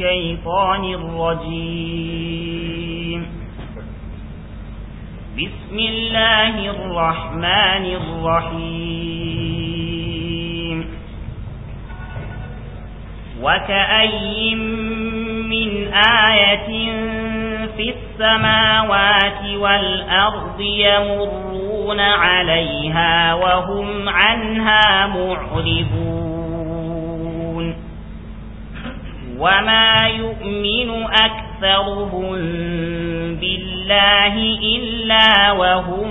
الشيطان الرجيم بسم الله الرحمن الرحيم وكأي من آية في السماوات والأرض يمرون عليها وهم عنها معرضون وما يؤمن أكثرهم بالله إلا وهم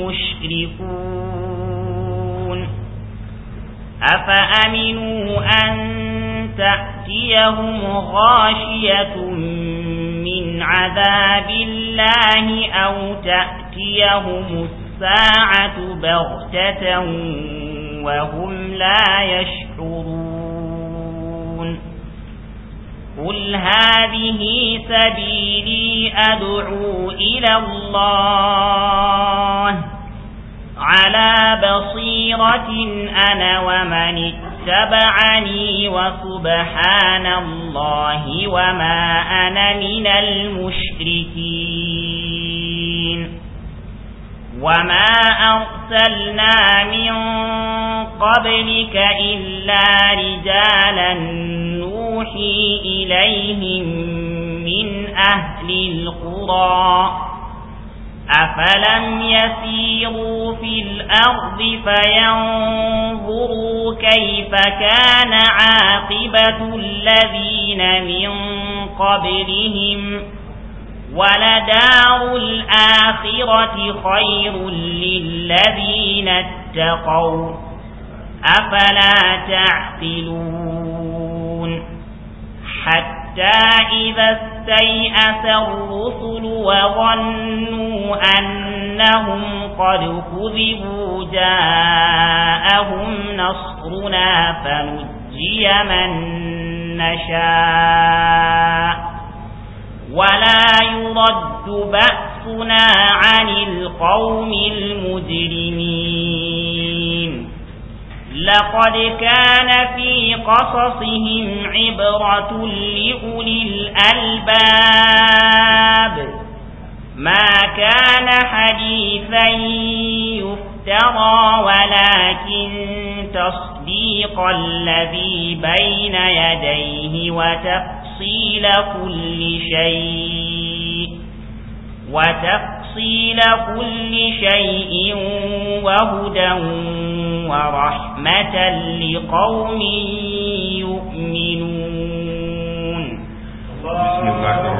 مشركون أفأمنوا أن تأتيهم غاشية من عذاب الله أو تأتيهم الساعة بغتة وهم لا يشعرون قل هذه سبيلي أدعو إلى الله على بصيرة أنا ومن اتبعني وسبحان الله وما أنا من المشركين وما أرسلنا من قبلك إلا رجالا نوحي إليهم من أهل القرى أفلم يسيروا في الأرض فينظروا كيف كان عاقبة الذين من قبلهم ولدار الآخرة خير للذين اتقوا أفلا تعقلون حتى إذا استيأس الرسل وظنوا أنهم قد كذبوا جاءهم نصرنا فنجي من نشاء ولا يرد بأسنا عن القوم المجرمين لقد كان في قصصهم عبرة لأولي الألباب ما كان حديثا يفترى ولكن تصديق الذي بين يديه وتفصيل كل شيء وتفصيل كل شيء وهدى ورحمة لقوم يؤمنون بسم الله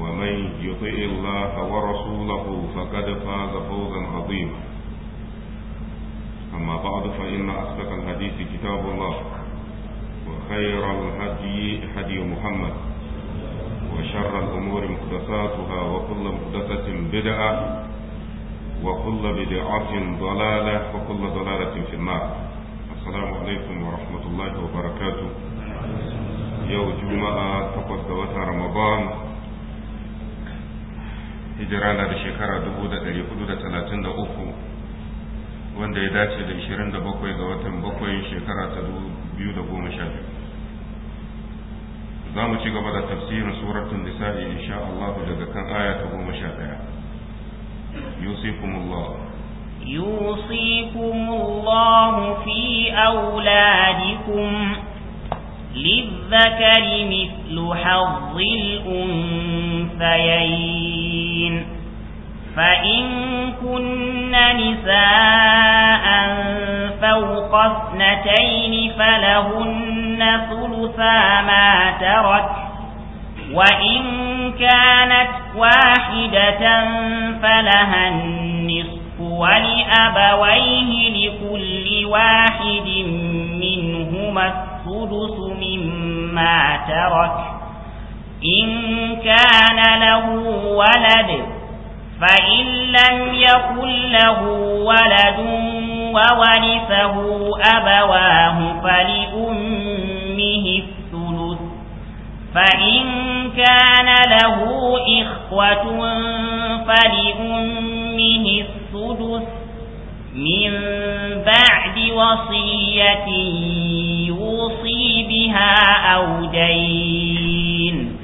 ومن يطع الله ورسوله فقد فاز فوزا عظيما أما بعد فإن أصدق الحديث كتاب الله وخير الهدي هدي محمد وشر الأمور مقدساتها وكل مقدسة بدعة وكل بدعة ضلالة وكل ضلالة في النار السلام عليكم ورحمة الله وبركاته يوم جمعة تقصد رمضان hijira na da shekara 1433 wanda ya dace da 27 ga watan 7 shekara ta 2012 za mu ci gaba da tafsirin suratun nisa'i insha Allah daga kan aya ta 11 yusikumullah يوصيكم الله في أولادكم للذكر مثل حظ الأنثيين فإن كن نساء فوق اثنتين فلهن ثلثا ما ترك وإن كانت واحدة فلها النصف ولأبويه لكل واحد منهما السدس مما ترك إن كان له ولد فإن لم يكن له ولد وورثه أبواه فلأمه الثلث فإن كان له إخوة فلأمه الثلث من بعد وصية يوصي بها أو دين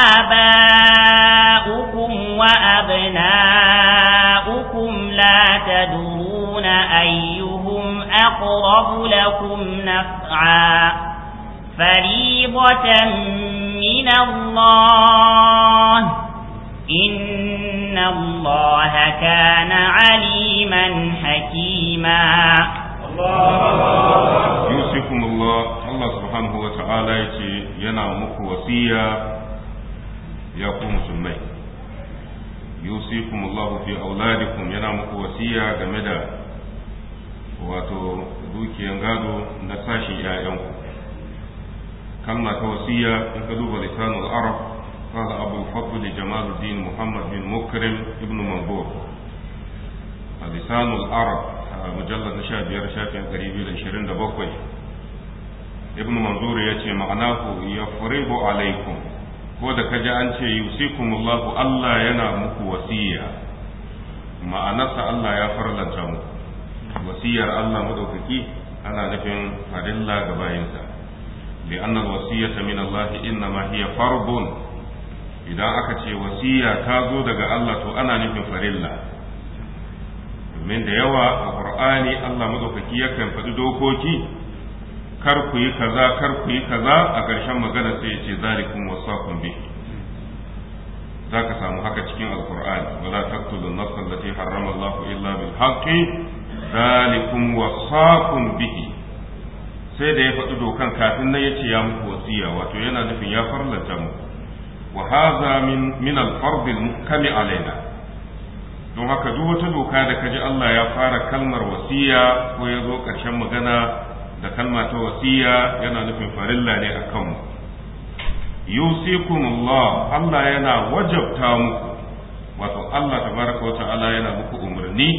آباؤكم وأبناؤكم لا تدرون أيهم أقرب لكم نفعا فريضة من الله إن الله كان عليما حكيما يوصيكم الله الله سبحانه وتعالى يتي ينا مكو وصية يقوم مسلمين يوصيكم الله في أولادكم ينا مكو وصية جمدا wato dukiyan gado na sashin 'ya'yanku kalma ta wasiya in ka duba lisanul arab قال أبو الفضل جمال الدين محمد بن مكرم ابن منظور لسان العرب مجلد نشاب يرشاك قريب إلى 27 ابن منظور يأتي معناه يفرض عليكم ko da kaji an ce ku. Allah yana muku wasiya ma'anarsa Allah ya farlanta mu. wasiyar Allah madaukaki ana nufin farilla ga bayinsa bi anna wasiyata min inna ma idan aka ce wasiya ta zo daga Allah to ana nufin farilla domin da yawa a Qur'ani Allah madaukaki yakan faɗi dokoki kar ku yi kaza kar ku yi kaza a ƙarshen magana sai ya ce zalikum wasakum bihi za ka samu haka cikin alkur'ani wala taqtulu an-nafsa allati harrama Allahu illa bil haqqi zalikum wasaqum bihi sai da ya faɗi dokan kafin nan yace ya muku wasiya wato yana nufin ya farlanta muku wa haza min min al-fard alaina don haka duk wata doka da kaji Allah ya fara kalmar wasiya ko ya zo ƙarshen magana da kalma ta wasiya yana nufin farilla ne akan mu yusikumullah Allah yana wajabta muku wato Allah baraka wata Ala yana muku umarni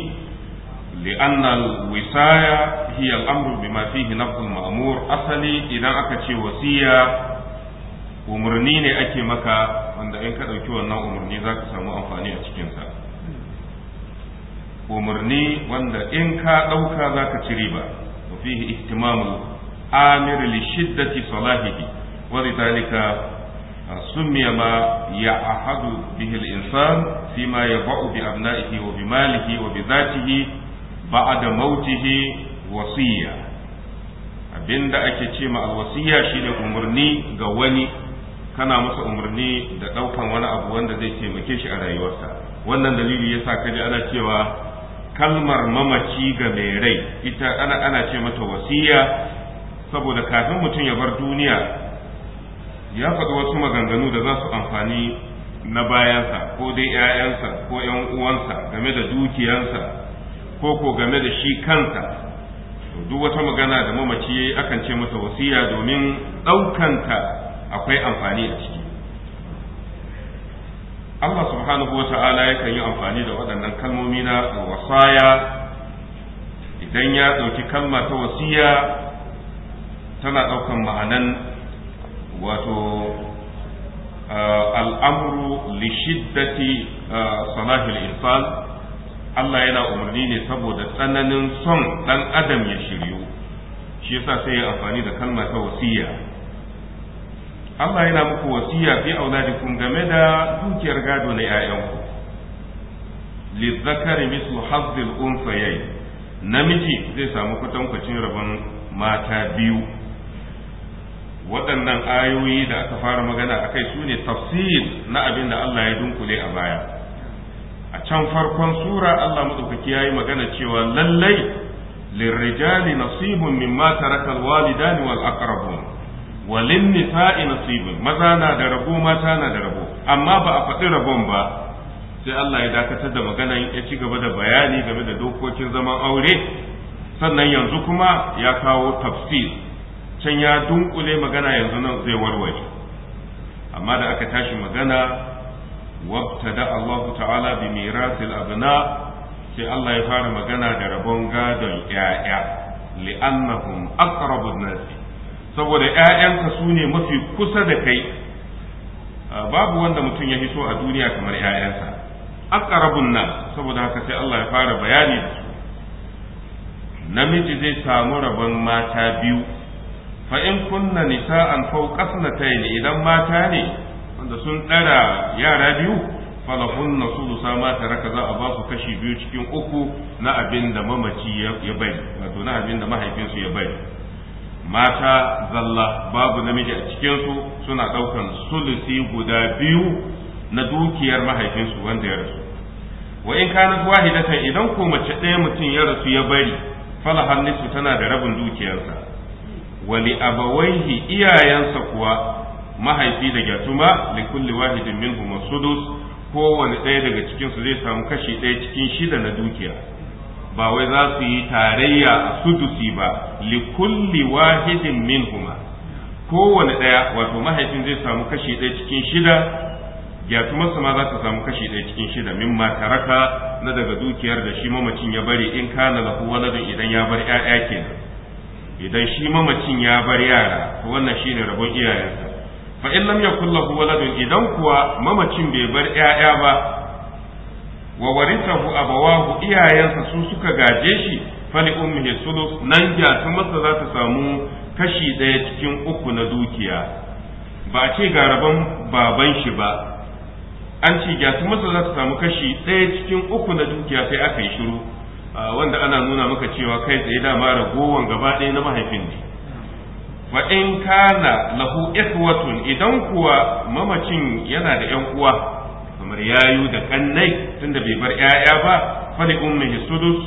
لأن الوصاية هي الأمر بما فيه نفع المأمور أصلي إذا أكتش وصية umarni ne ake maka wanda in ka ɗauki wannan umarni za ka samu amfani a cikinsa umarni wanda in ka ɗauka za ka ci riba wa fihi ihtimamu amir li shiddati salahihi wa lidhalika ah, ma ما bi abna'ihi wa bi malihi wa bi وبذاته ba'da mawtihi wasiyya abinda ake ce ma wasiyya shine umarni ga wani kana masa umarni da ɗaukan wani abu wanda zai taimake shi a rayuwarsa wannan dalili yasa kaje ana cewa kalmar mamaci ga mai rai ita ana ana ce mata wasiya saboda kafin mutum ya bar duniya ya faɗi wasu maganganu da za su amfani na bayansa ko dai 'ya'yansa ko 'yan uwansa game da dukiyansa ko ko game da shi kansa duk wata magana da mamaci akan ce mata wasiya domin ɗaukanta akwai amfani a ciki Allah subhanahu wa ta'ala yakan yi amfani da waɗannan kalmomi na wasaya idan ya ɗauki kalma ta wasiya tana ɗaukan ma'anan wato eh, al'amuru lishiddati eh, salahil insan Allah yana umarni ne saboda tsananin son ɗan adam ya shiryu shi yasa sai ya amfani da kalma ta wasiya Allah yana muku wasiya fi auladikum game da dukiyar gado na ƴaƴanku lizzakari mislu hazzil unsayayi namiji zai samu kwatankwacin rabon mata biyu waɗannan ayoyi da aka fara magana a kai su ne tafsir na abin da Allah ya dunkule a baya a can farkon sura Allah maɗaukaki ya yi magana cewa lallai lirrijali nasibun mimma taraka walidani wal aqrabun walin nisa'i nasibun maza na da rabo mata na da rabo amma ba a faɗi rabon ba sai Allah ya dakatar da maganan ya ci gaba da bayani game da dokokin zaman aure sannan yanzu kuma ya kawo tafsir can ya dunkule magana yanzu nan zai warware amma da aka tashi magana wabtada Allah ta'ala bi mirasil abna sai Allah ya fara magana da rabon gadon 'ya'ya li'annahum aqrabun nasi saboda ‘ya'yanka su ne mafi kusa da kai ah, babu wanda mutum ya so a duniya kamar ‘ya'yansa akarabun nan saboda haka sai Allah ya fara bayani da su namiji zai samu rabon mata biyu fa in kunna nisa'an fawqa sanatayn idan mata ne wanda sun ɗara yara biyu falahunna sama ta raka za a ba su kashi biyu cikin uku na abin mamaci ya bari wato na abin mahaifinsu ya bai? mata zalla babu namiji a cikinsu suna ɗaukar sulusi guda biyu na dukiyar mahaifinsu wanda ya rasu wa in kana wahidata idan ko mace ɗaya mutum ya rasu ya bari fala nisu tana da rabin dukiyarsa wali abawaihi iyayensa kuwa mahaifi da gyatuma li kulli wahidin minhum sudus kowane ɗaya daga cikinsu zai samu kashi ɗaya cikin shida na dukiya ba wai za su yi tarayya a sudusi ba li kulli wahidin kuma. kowane ɗaya wato mahaifin zai samu kashi ɗaya cikin shida gyatumarsa ma za ta samu kashi ɗaya cikin shida min taraka na daga dukiyar da shi mamacin ya bari in kana lahu waladun idan ya bar ƴaƴa kenan idan shi mamacin ya bar yara to wannan shine rabon iyayensa fa in lam yakul lahu waladun idan kuwa mamacin bai bar ƴaƴa ba wa warisahu abawahu iyayensa su suka gaje shi fali ummihi sulus nan ta masa za ta samu kashi ɗaya cikin uku na dukiya ba ce ga rabon baban shi ba an ce ta masa za ta samu kashi ɗaya cikin uku na dukiya sai aka yi shiru ah, wanda ana nuna maka cewa kai tsaye dama ragowan gaba ɗaya na mahaifin ne wa in kana lahu ikwatun idan kuwa mamacin yana da 'yan uwa bar yayu da kannai tunda bai bar yaya ba fali ummihi sudus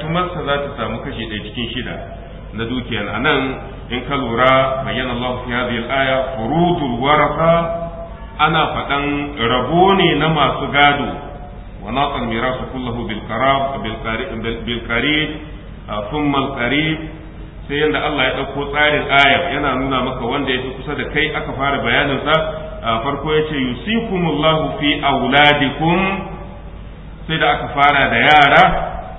tumarsa za ta samu kashi ɗaya cikin shida na dukiyar anan in ka lura bayyana Allah fi hadhihi al-aya furudul warasa ana faɗan rabo ne na masu gado wa naqal mirasu kullahu bil qarab bil qarib thumma al qarib sai yanda Allah ya ɗauko tsarin aya yana nuna maka wanda ya fi kusa da kai aka fara bayanin sa farko ya yace yusifumullahu fi auladikum sai da aka fara da yara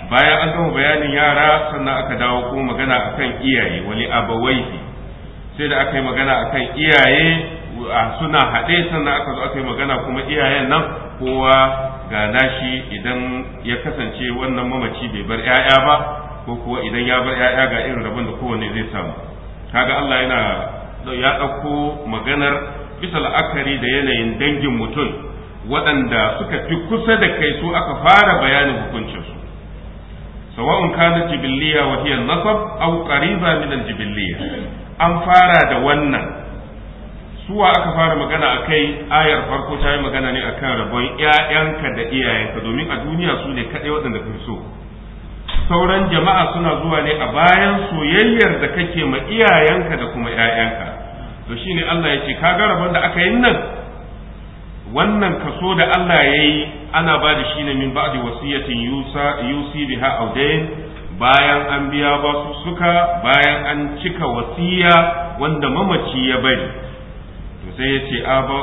bayan an gama bayanin yara sannan aka dawo ko magana akan iyaye wali abawaihi sai da aka yi magana akan iyaye suna haɗe sannan aka zo aka yi magana kuma iyayen nan kowa ga nashi idan ya kasance wannan mamaci bai bar 'ya'ya ba ko kuwa idan ya bar 'ya'ya ga irin rabon da kowanne zai samu kaga Allah yana ya ɗauko maganar bisa la'akari da yanayin dangin mutum waɗanda suka fi kusa da kai su aka fara bayanin hukuncinsu sawa'un kana jibiliya wa hiya nasab aw qariba min al an fara da wannan suwa aka fara magana akai ayar farko ta yi magana ne akan rabon 'ya'yanka da iyayenka domin a duniya su ne kaɗai waɗanda kai so sauran jama'a suna zuwa ne a bayan soyayyar da kake ma iyayenka da kuma 'ya'yanka. to shine Allah yake kaga rabon da aka yi nan wannan kaso da Allah ya yi ana ba da shi ne min ba'di wasiyatin yusa yusi biha aw bayan an biya ba su suka bayan an cika wasiya wanda mamaci ya bari to sai ya ce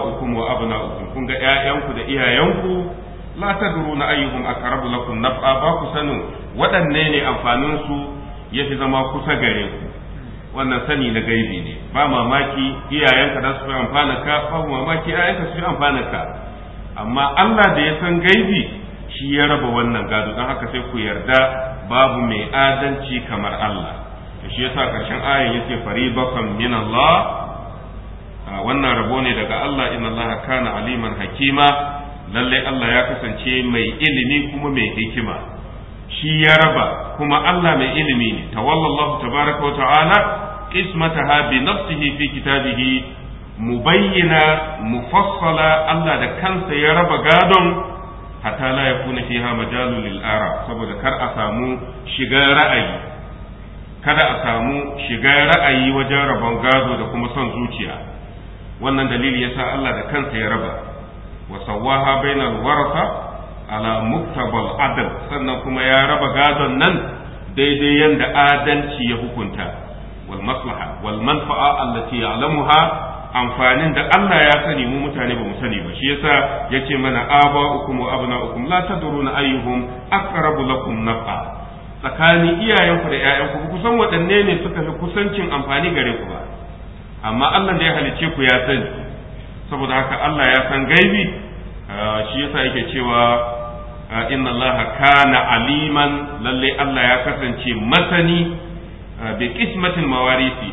ukum wa ukum kun ga ƴaƴanku da iyayenku la tadruna ayyuhum aqrabu lakum naf'a ba ku sanin waɗanne ne amfanin su yafi zama kusa gare ku wannan sani na gaibi ne ba mamaki iyayenka da su fi amfana ka ba mamaki iyayenka su fi amfana ka amma Allah da ya san gaibi shi ya raba wannan gado don haka sai ku yarda babu mai adalci kamar Allah shi yasa karshen ayan yake fari min Allah wannan rabo ne daga Allah inna Allah kana aliman hakima Lallai Allah ya kasance mai ilimi kuma mai hikima shi ya raba kuma Allah mai ilimi ne tawallallahu tabaraka wa ta'ala qismataha bi nafsihi fi kitabihi mubayyana mufassala Allah da kansa ya raba gadon hatta la yakuna fiha majalun lil ara saboda kar a samu shiga ra'ayi kada a samu shiga ra'ayi wajen rabon gado da kuma son zuciya wannan dalili yasa Allah da kansa ya raba wa sawaha bainal warasa ala muktabal adal sannan kuma ya raba gadon nan daidai yanda adalci ya hukunta wal maslaha wal manfa'a allati ya'lamuha amfanin da Allah ya sani mu mutane ba mu sani ba shi yasa yace mana ukum wa ukum la tadruna ayyuhum aqrabu lakum naf'a tsakanin iyayenku da ƴaƴanku ku san waɗanne ne suka fi kusancin amfani gare ku ba amma Allah da ya halice ku ya sani saboda haka Allah ya san gaibi ah, shi yasa yake cewa Ah, inna allaha kana aliman lalle Allah ya kasance masani ah, bi qismatil mawarisi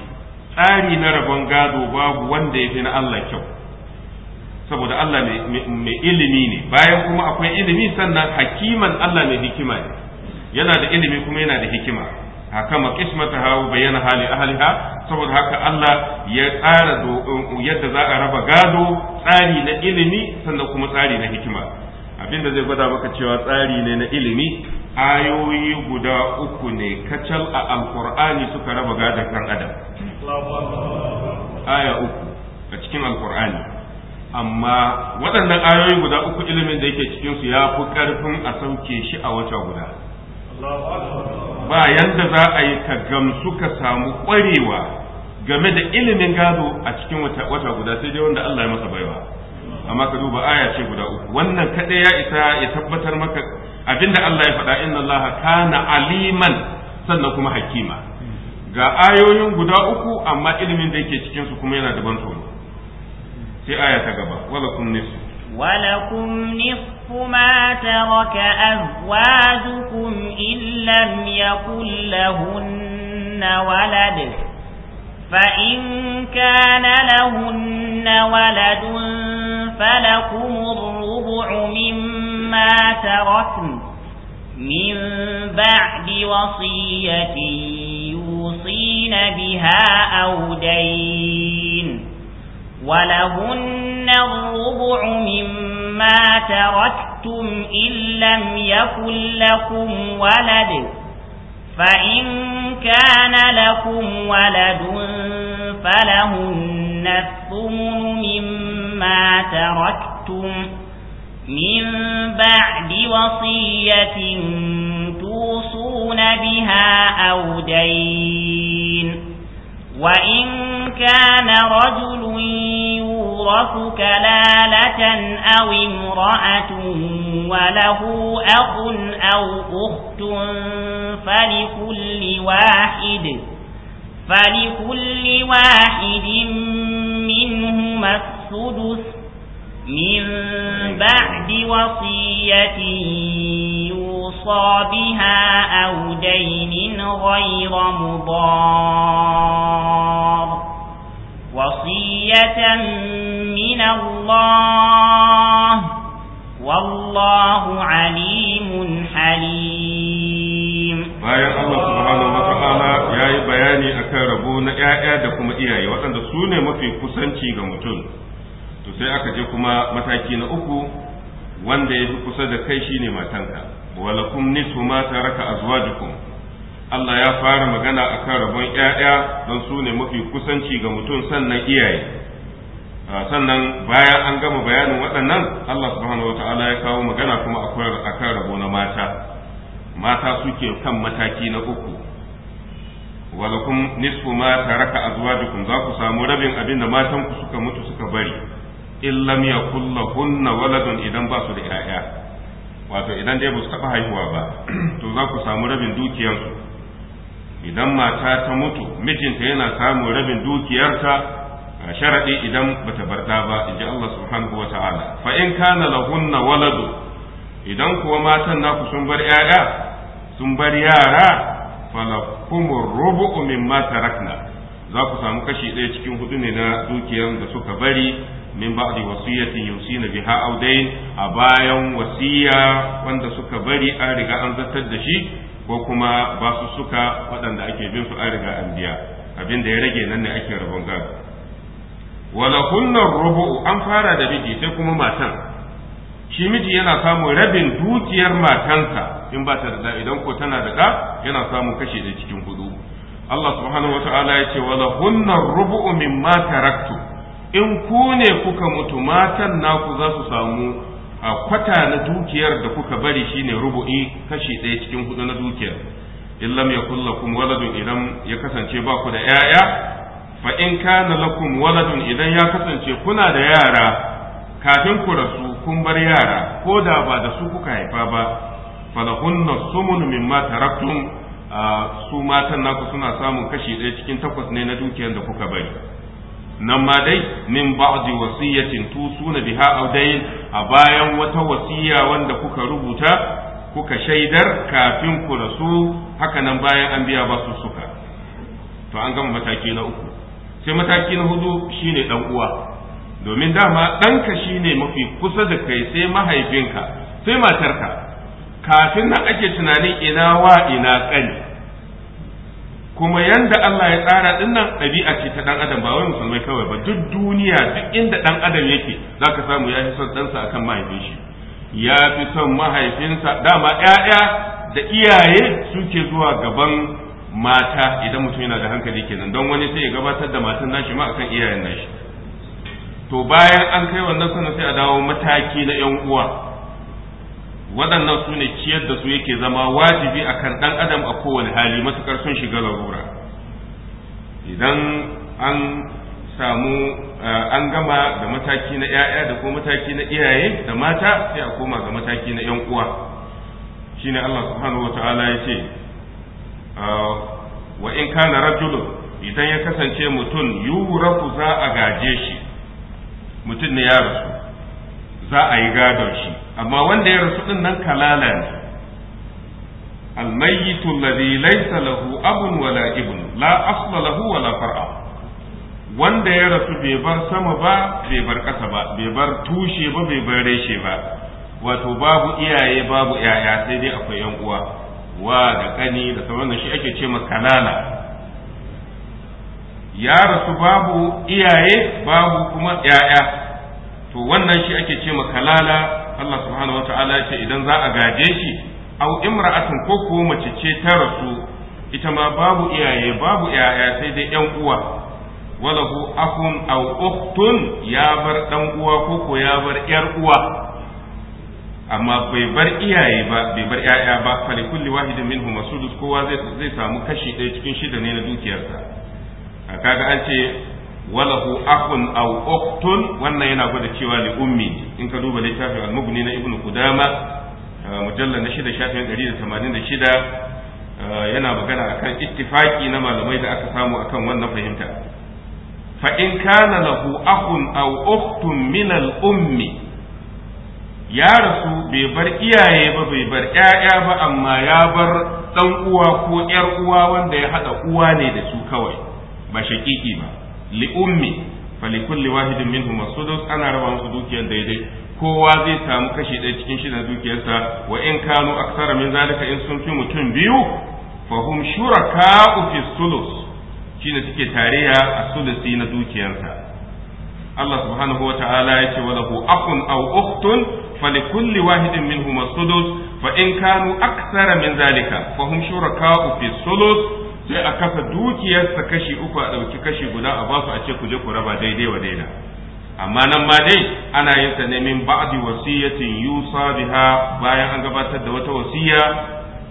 tsari na rabon gado babu wanda yafi na Allah kyau saboda Allah mai ilimi ne bayan kuma akwai ilimi sannan hakiman Allah mai hikima ne yana da ilimi kuma yana da hikima hakama qismata hawa bayyana hali ahliha saboda haka Allah ya tsara um, yadda za a raba gado tsari na ilimi sannan kuma tsari na hikima Abin da zai gwada maka cewa tsari ne na ilimi ayoyi guda uku ne kacal a alkur'ani suka raba gadon ɗan adam aya uku a cikin alkur'ani amma waɗannan ayoyi guda uku ilimin da yake cikinsu ya fi ƙarfin a sauke shi a wata guda ba yadda za a yi ka gamsu ka samu ƙwarewa game da ilimin gado a cikin wata guda sai dai wanda Allah ya masa baiwa amma ka duba aya ce guda uku wannan kadai ya isa ya tabbatar maka abinda Allah ya faɗa inna Allah kana aliman sannan kuma hakima ga ayoyin guda uku amma ilimin da yake cikin su kuma yana da ban tsoro sai aya ta gaba walakum kun walakum ولكم نصف taraka azwajukum أزواجكم إن لم walad fa in kana كان waladun فلكم الربع مما تَرَكْتُمْ من بعد وصية يوصين بها أو دين ولهن الربع مما تركتم إن لم يكن لكم ولد فإن كان لكم ولد فلهن الثمن مما ما تركتم من بعد وصية توصون بها أو دين وإن كان رجل يورث كلالة أو امرأة وله أخ أو أخت فلكل واحد فلكل واحد منهما السدس من بعد وصية يوصى بها أو دين غير مضار وصية من الله والله عليم حليم ya yi bayani akan rabo na ‘ya'ya da kuma iyaye waɗanda su ne mafi kusanci ga mutum to sai aka je kuma mataki na uku wanda ya fi kusa da kai shine matanka walakum nisu ma taraka azwajukum Allah ya fara magana akan rabon 'ya'ya don su ne mafi kusanci ga mutum sannan iyaye sannan bayan an gama bayanin waɗannan Allah subhanahu wata'ala ya kawo magana kuma akwai akan rabo na mata mata suke kan mataki na uku walakum nisfu ma taraka azwajukum za ku samu rabin abin da matanku suka mutu suka bari in lam yakul lahunna waladun idan ba su da ƴaƴa wato idan dai ba su taɓa haihuwa ba to za ku samu rabin dukiyarsu idan mata ta mutu mijinta yana samun rabin dukiyarta a sharaɗi idan ba ta barta ba in ji Allah subhanahu wa ta'ala fa in kana lahunna waladu idan kuwa matan naku sun bar ƴaƴa sun bar yara falakumur rubu'u mimma tarakna za ku samu kashi ɗaya cikin hudu ne na dukiyar da suka bari min ba'di wasiyatin yusina biha aw dayn a bayan wasiya wanda suka bari an riga an zartar da shi ko kuma ba su suka waɗanda ake bin su an riga an biya abin da ya rage nan ne ake rabon gado wala kunna rubu an fara da miji sai kuma matan shi miji yana samun rabin dukiyar matansa in ba ta da idan ko tana da ɗa yana samun kashe da cikin hudu Allah subhanahu wa ta'ala ya ce wala hunna rubu'u mimma taraktu in ku ne kuka mutu matan naku za su samu a kwata na dukiyar da kuka bari shine rubu'i kashi ɗaya cikin hudu na dukiyar in lam yakul lakum waladun idan ya kasance ba ku da yaya fa in kana lakum waladun idan ya kasance kuna da yara kafin ku rasu kun bar yara ko da ba da su kuka haifa ba falahunna sumun mimma taraktum su matan naku suna samun kashi ɗaya cikin takwas ne na dukiyar da kuka bari nan ma dai min ba'di wasiyatin suna biha aw dayin a bayan wata wasiya wanda kuka rubuta kuka shaidar kafin ku rasu haka nan bayan an biya ba su suka to an gama mataki na uku sai mataki na hudu shine dan uwa domin dama ɗanka shine mafi kusa da kai sai mahaifinka sai matarka kafin nan ake tunanin ina wa ina kani kuma yanda Allah ya tsara dinnan ɗabi'a ce ta dan adam ba wai musulmai kawai ba duk duniya duk inda dan adam yake zaka samu ya fi son ɗansa akan mahaifin shi ya fi son mahaifinsa dama ƴaƴa da iyaye suke zuwa gaban mata idan mutum yana da hankali kenan don wani sai ya gabatar da matan nashi ma akan iyayen nashi to bayan an kai wannan sanin sai a dawo mataki na 'yan uwa waɗannan su ne ciyar da su yake zama wajibi akan ɗan adam a kowane hali matuƙar sun shiga larura idan an samu eh, an gama da mataki na 'ya'ya da ko mataki na iyaye da mata sai a koma ga mataki na 'yan uwa shine Allah subhanahu wa ta'ala ya ce ah, wa in kana rajulun idan ya kasance mutum yurafu za a gaje shi mutum ne ya rasu za a yi gadon shi amma wanda ya rasu din nan kalala ne almayyitu alladhi laysa lahu abun wala ibn la asla lahu wala far'a wanda ya rasu bai bar sama ba bai bar ƙasa ba bai bar tushe ba bai bar reshe ba wato babu iyaye babu yaya sai dai akwai yan uwa wa da kani da sauran shi ake ce kalala ya rasu babu iyaye babu kuma ‘ya'ya to wannan shi ake ce kalala Allah subhanahu wata'ala ce idan za a gaje shi aw imra'atun ko ko mace ce ta rasu ita ma babu iyaye babu yaya sai dai yan uwa walahu akun aw ukhtun ya bar dan uwa ko ko ya bar yar uwa amma bai bar iyaye ba bai bar yaya ba fa kulli wahidin minhum masudus kowa zai zai samu kashi ɗaya cikin shida ne na dukiyarsa kaga an ce hu akun aw uktun wannan yana gwada cewa li ummi in ka duba littafin al-mughni na ibnu kudama mujallal na shida shafin 186 yana magana akan ittifaki na malamai da aka samu akan wannan fahimta fa in kana lahu akun aw uktun min al-ummi ya rasu bai bar iyaye ba bai bar 'ya'ya ba amma ya bar dan uwa ko 'yar uwa wanda ya hada uwa ne da su kawai ba shakiki ba li ummi fa li kulli wahidin minhum sudus, ana raba musu dukiyar daidai kowa zai samu kashi ɗaya cikin shida dukiyarsa wa in kanu aksara min zalika in sun fi mutum biyu fa hum shuraka'u fi sulus shine suke tarayya a sulusi na dukiyarsa Allah subhanahu wata'ala ya ce walahu akun aw ukhtun falikulli wahidin minhum sudus fa in kanu aksara min zalika fa hum shuraka'u fi sulus sai a kasa dukiyarsa kashi uku a ɗauki kashi guda a basu a ce ku je ku raba daidai wa daina amma nan ma dai ana yin ta ne min ba'di wasiyatin yusa biha bayan an gabatar da wata wasiya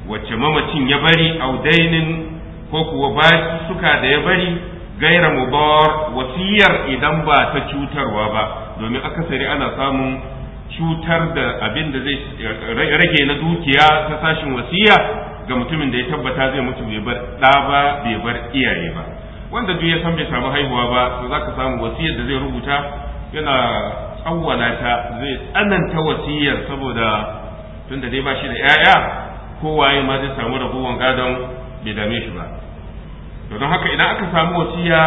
wacce mamacin ya bari audainin ko kuwa ba suka da ya bari gaira mubar wasiyar idan ba ta cutarwa ba domin akasari ana samun cutar da abin da zai rage na dukiya ta sashin wasiya ga mutumin da ya tabbata zai mutu bai bar ɗa ba bai bar iyaye ba wanda duk ya san bai samu haihuwa ba to zaka samu wasiyar da zai rubuta yana tsawwala ta zai tsananta wasiyar saboda tunda dai ba shi da 'ya'ya kowaye ma zai samu rabuwan gadon bai dame shi ba to don haka idan aka samu wasiya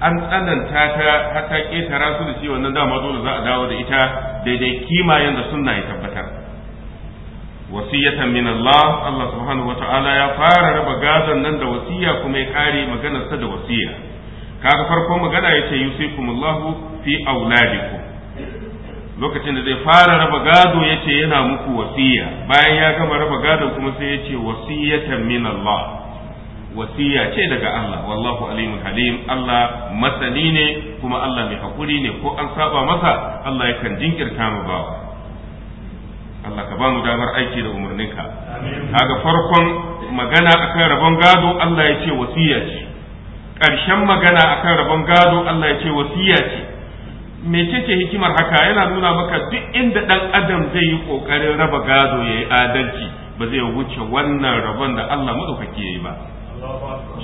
an tsananta ta har ta ketara da shi wannan dama dole za a dawo da ita daidai kima yanda sunna ya tabbatar wasiyata min Allah Allah subhanahu wata'ala ya fara raba gadon nan da wasiya kuma ya kare maganarsa da wasiya kaga farko magana yace Allah fi auladikum lokacin da zai fara raba gado yace yana muku wasiya bayan ya gama raba gadon kuma sai yace wasiyatan min Allah wasiya ce daga Allah wallahu alimul halim Allah masani ne kuma Allah mai hakuri ne ko an saba masa Allah yakan jinkirta mu bawa Allah ka ba mu damar aiki da umarninka kaga farkon magana akan rabon gado Allah ya ce wasiya ce ƙarshen magana akan rabon gado Allah ya ce wasiya ce Me kike hikimar haka yana nuna maka duk inda ɗan adam zai yi ƙoƙarin raba gado yayi adalci ba zai wuce wannan rabon da Allah maɗaukaki ya yi ba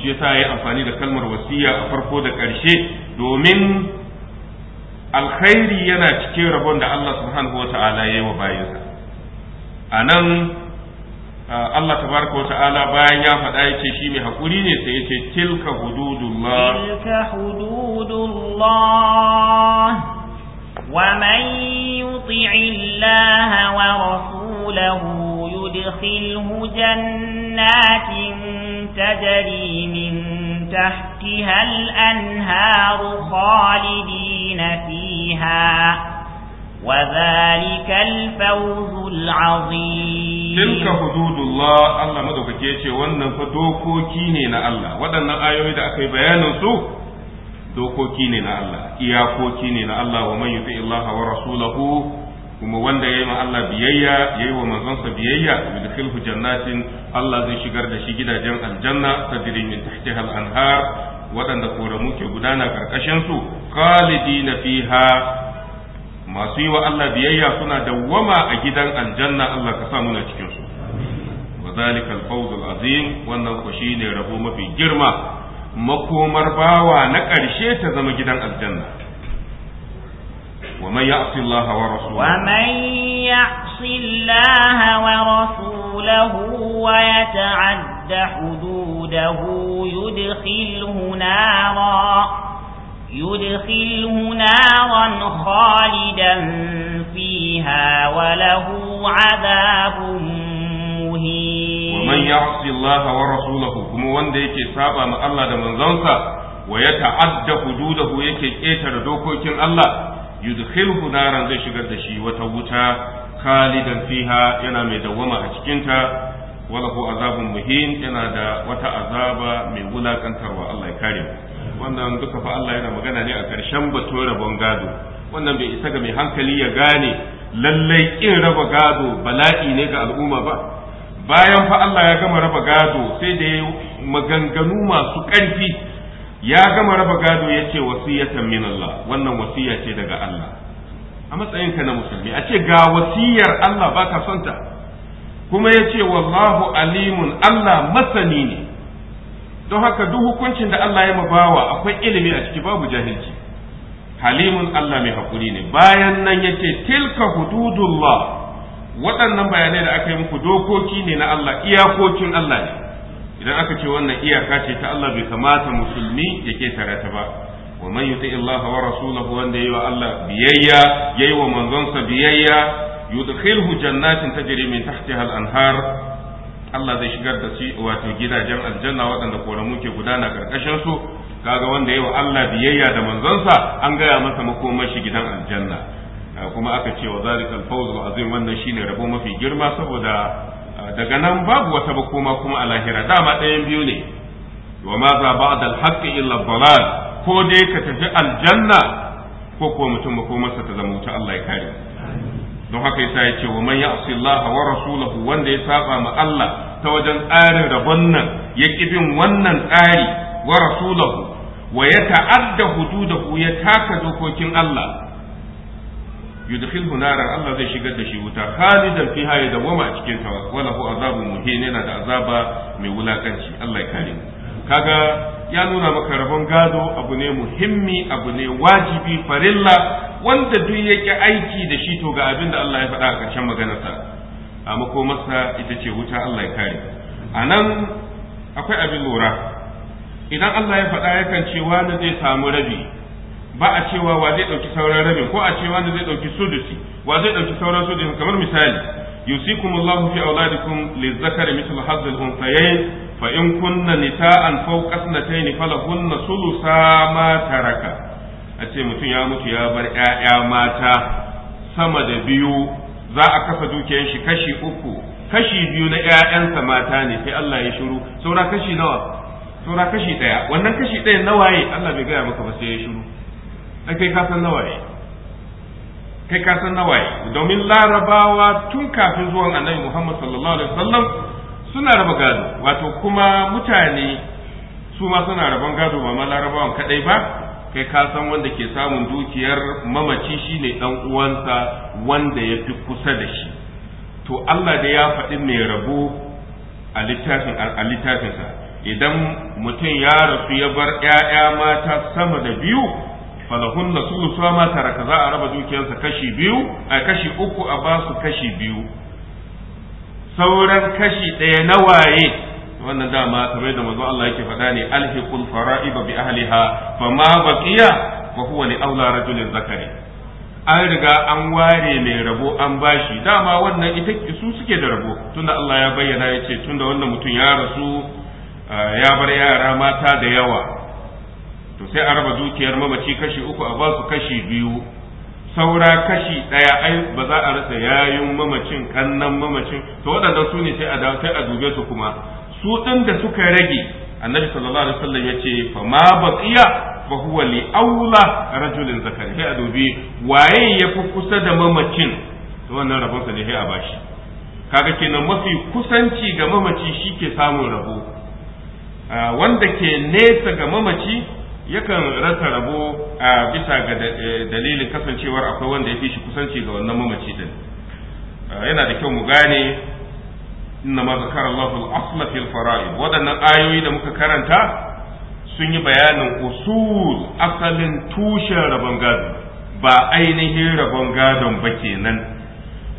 shi yasa yayi amfani da kalmar wasiya a farko da ƙarshe domin alkhairi yana cikin rabon da Allah subhanahu wa ta'ala ya yi wa bayansa a nan Allah ta barka wa ta'ala bayan ya faɗa ya shi mai haƙuri ne sai ya ce tilka hududullah tilka hududullah wa man yuti'i Allah wa rasulahu yudkhilhu jannatin tajri min tahtiha al-anharu khalidina fiha وذلك الفوز العظيم تلك حدود الله الله مدوكake yace wannan fa dokoki ne na Allah waɗannan ayoyi da aka yi bayanin su dokoki ne na Allah iyakoki ne na Allah wa man yuti Allah wa rasulahu kuma wanda yayi ma Allah biyayya yayi wa manzonsa biyayya yudkhilhu jannatin Allah zai shigar da shi gidajen aljanna tajri min tahtiha al-anhar waɗanda koramu ke gudana karkashin su khalidina fiha masu yi wa Allah biyayya suna dawwama a gidan aljanna Allah ka sa muna cikin su wa zalikal fawzul azim wannan ku shine rabo mafi girma makomar bawa na ƙarshe ta zama gidan aljanna ومن يعص الله ورسوله ومن يعص الله ورسوله ويتعد حدوده يدخله نارا يدخله نارا خالدا فيها وله عذاب مهين ومن يعص الله ورسوله كما وند yake saɓa ma Allah da manzonsa wa ya ta'adda hu yake ketare dokokin Allah yudkhilhu naran zai shigar da shi wata wuta khalidan fiha yana mai dawwama a cikinta, ta walahu azabun muhin yana da wata azaba mai wulakantarwa Allah ya kare mu wannan duka fa Allah yana magana ne a ƙarshen batun rabon gado wannan bai isa ga mai hankali ya gane lallai ƙin raba gado bala'i ne ga al'umma ba bayan fa Allah ya gama raba gado sai da maganganu masu ƙarfi ya gama raba gado ya ce wasiyatan min Allah wannan wasiya ce daga Allah a matsayinka na musulmi a ce ga wasiyar Allah baka son ta kuma ya ce wallahu alimun Allah masani ne don haka duk hukuncin da Allah ya mabawa akwai ilimi a ciki babu jahilci halimun Allah mai hakuri ne bayan nan yace tilka hududullah waɗannan bayanai da aka yi muku dokoki ne na Allah iyakokin Allah ne idan aka ce wannan iyaka ce ta Allah bai kamata musulmi ya ketare ta ba wa man yuti Allah wa rasulahu wanda yi wa Allah biyayya yayi wa manzonsa biyayya yudkhilhu jannatin tajri min tahtiha al-anhar Allah zai shigar da su wato gidajen aljanna waɗanda koramu ke gudana karkashin su kaga wanda yawa Allah biyayya da manzonsa an gaya masa makomashi gidan aljanna kuma aka ce wa zalika alfawzul azim wannan shine rabo mafi girma saboda ah, daga nan babu wata makoma kuma a lahira dama ɗayan biyu ne wa ma za ba'da alhaqqi illa dhalal ko dai ka tafi aljanna ko ko mutum makomarsa ta zama wuta Allah ya kare don haka yasa yace wa man ya'si Allah wa rasulahu wanda ya saba ma Allah ta wajen tsarin rabon nan ya bin wannan tsari wa rasulahu wa ya ta'adda hududahu ya taka dokokin Allah yudkhilhu naran Allah zai shigar da shi wuta khalidan fiha ya dawama a cikin ta wala hu azabun muhin yana da azaba mai wulakanci Allah ya kare kaga ya nuna maka rabon gado abu ne muhimmi abu ne wajibi farilla wanda duk yake aiki da shi to ga abin da Allah ya faɗa a ƙarshen maganarsa a masa ita ce wuta Allah ya kare a nan akwai abin lura idan Allah ya faɗa yakan ce wani zai samu rabi ba a cewa wa zai ɗauki sauran rabin ko a ce wani zai ɗauki sudusi wa zai ɗauki sauran sudusi kamar misali yusikumullahu fi auladikum lizzakari mislu hazzul unthayayn fa in kunna nisa'an fawqa sanatayn falahunna sulusa ma taraka a ce mutum ya mutu ya bar ƴaƴa mata sama da biyu za a kasa dukiyar shi kashi uku kashi biyu na ƴaƴansa mata ne sai Allah ya shiru saura kashi nawa saura kashi ɗaya wannan kashi ɗaya nawaye Allah bai gaya maka ba sai ya shiru ai kai kasan san nawaye kai ka san nawaye domin larabawa tun kafin zuwan annabi Muhammad sallallahu alaihi wasallam suna raba gado wato kuma mutane su ma suna raban gado ba ma larabawan kadai ba kai ka san wanda ke samun dukiyar mamaci shine dan uwansa wanda ya fi kusa da shi to Allah da ya faɗi mai rabo a littafin littafinsa idan mutum ya rasu ya bar ƴaƴa mata sama da biyu falahun da su ma taraka za a raba dukiyarsa kashi biyu a kashi uku a basu kashi biyu sauran kashi ɗaya na waye wannan dama kamar da manzo Allah yake faɗa ne alhiqul fara'iba bi ahliha fama baqiya wa huwa li aula rajulin zakari an riga an ware mai rabo an bashi dama wannan ita su suke da rabo tunda Allah ya bayyana ya ce tunda wannan mutum ya rasu ya bar yara mata da yawa to sai a raba dukiyar mamaci kashi uku a ba su kashi biyu saura kashi ɗaya ai ba za a rasa yayun mamacin kannan mamacin to waɗannan su ne sai a dawo sai a dube su kuma su ɗin da suka rage annabi sallallahu alaihi wasallam yace fa ma baqiya fa huwa li aula rajulin zakari sai a dubi waye ya fi kusa da mamacin to wannan rabon sa ne sai a bashi kaga kenan mafi kusanci ga mamaci shi ke samun rabo ah, wanda ke nesa ga mamaci yakan rasa rabo a bisa ga eh, dalilin kasancewar akwai wanda ya fi shi kusanci ga wannan mamaci din ah, yana da kyau mu gane inna ma zakara Allahu al-asla fil fara'id wadannan ayoyi da muka karanta sun yi bayanin usul asalin tushen rabon gado ba ainihin rabon gadon ba kenan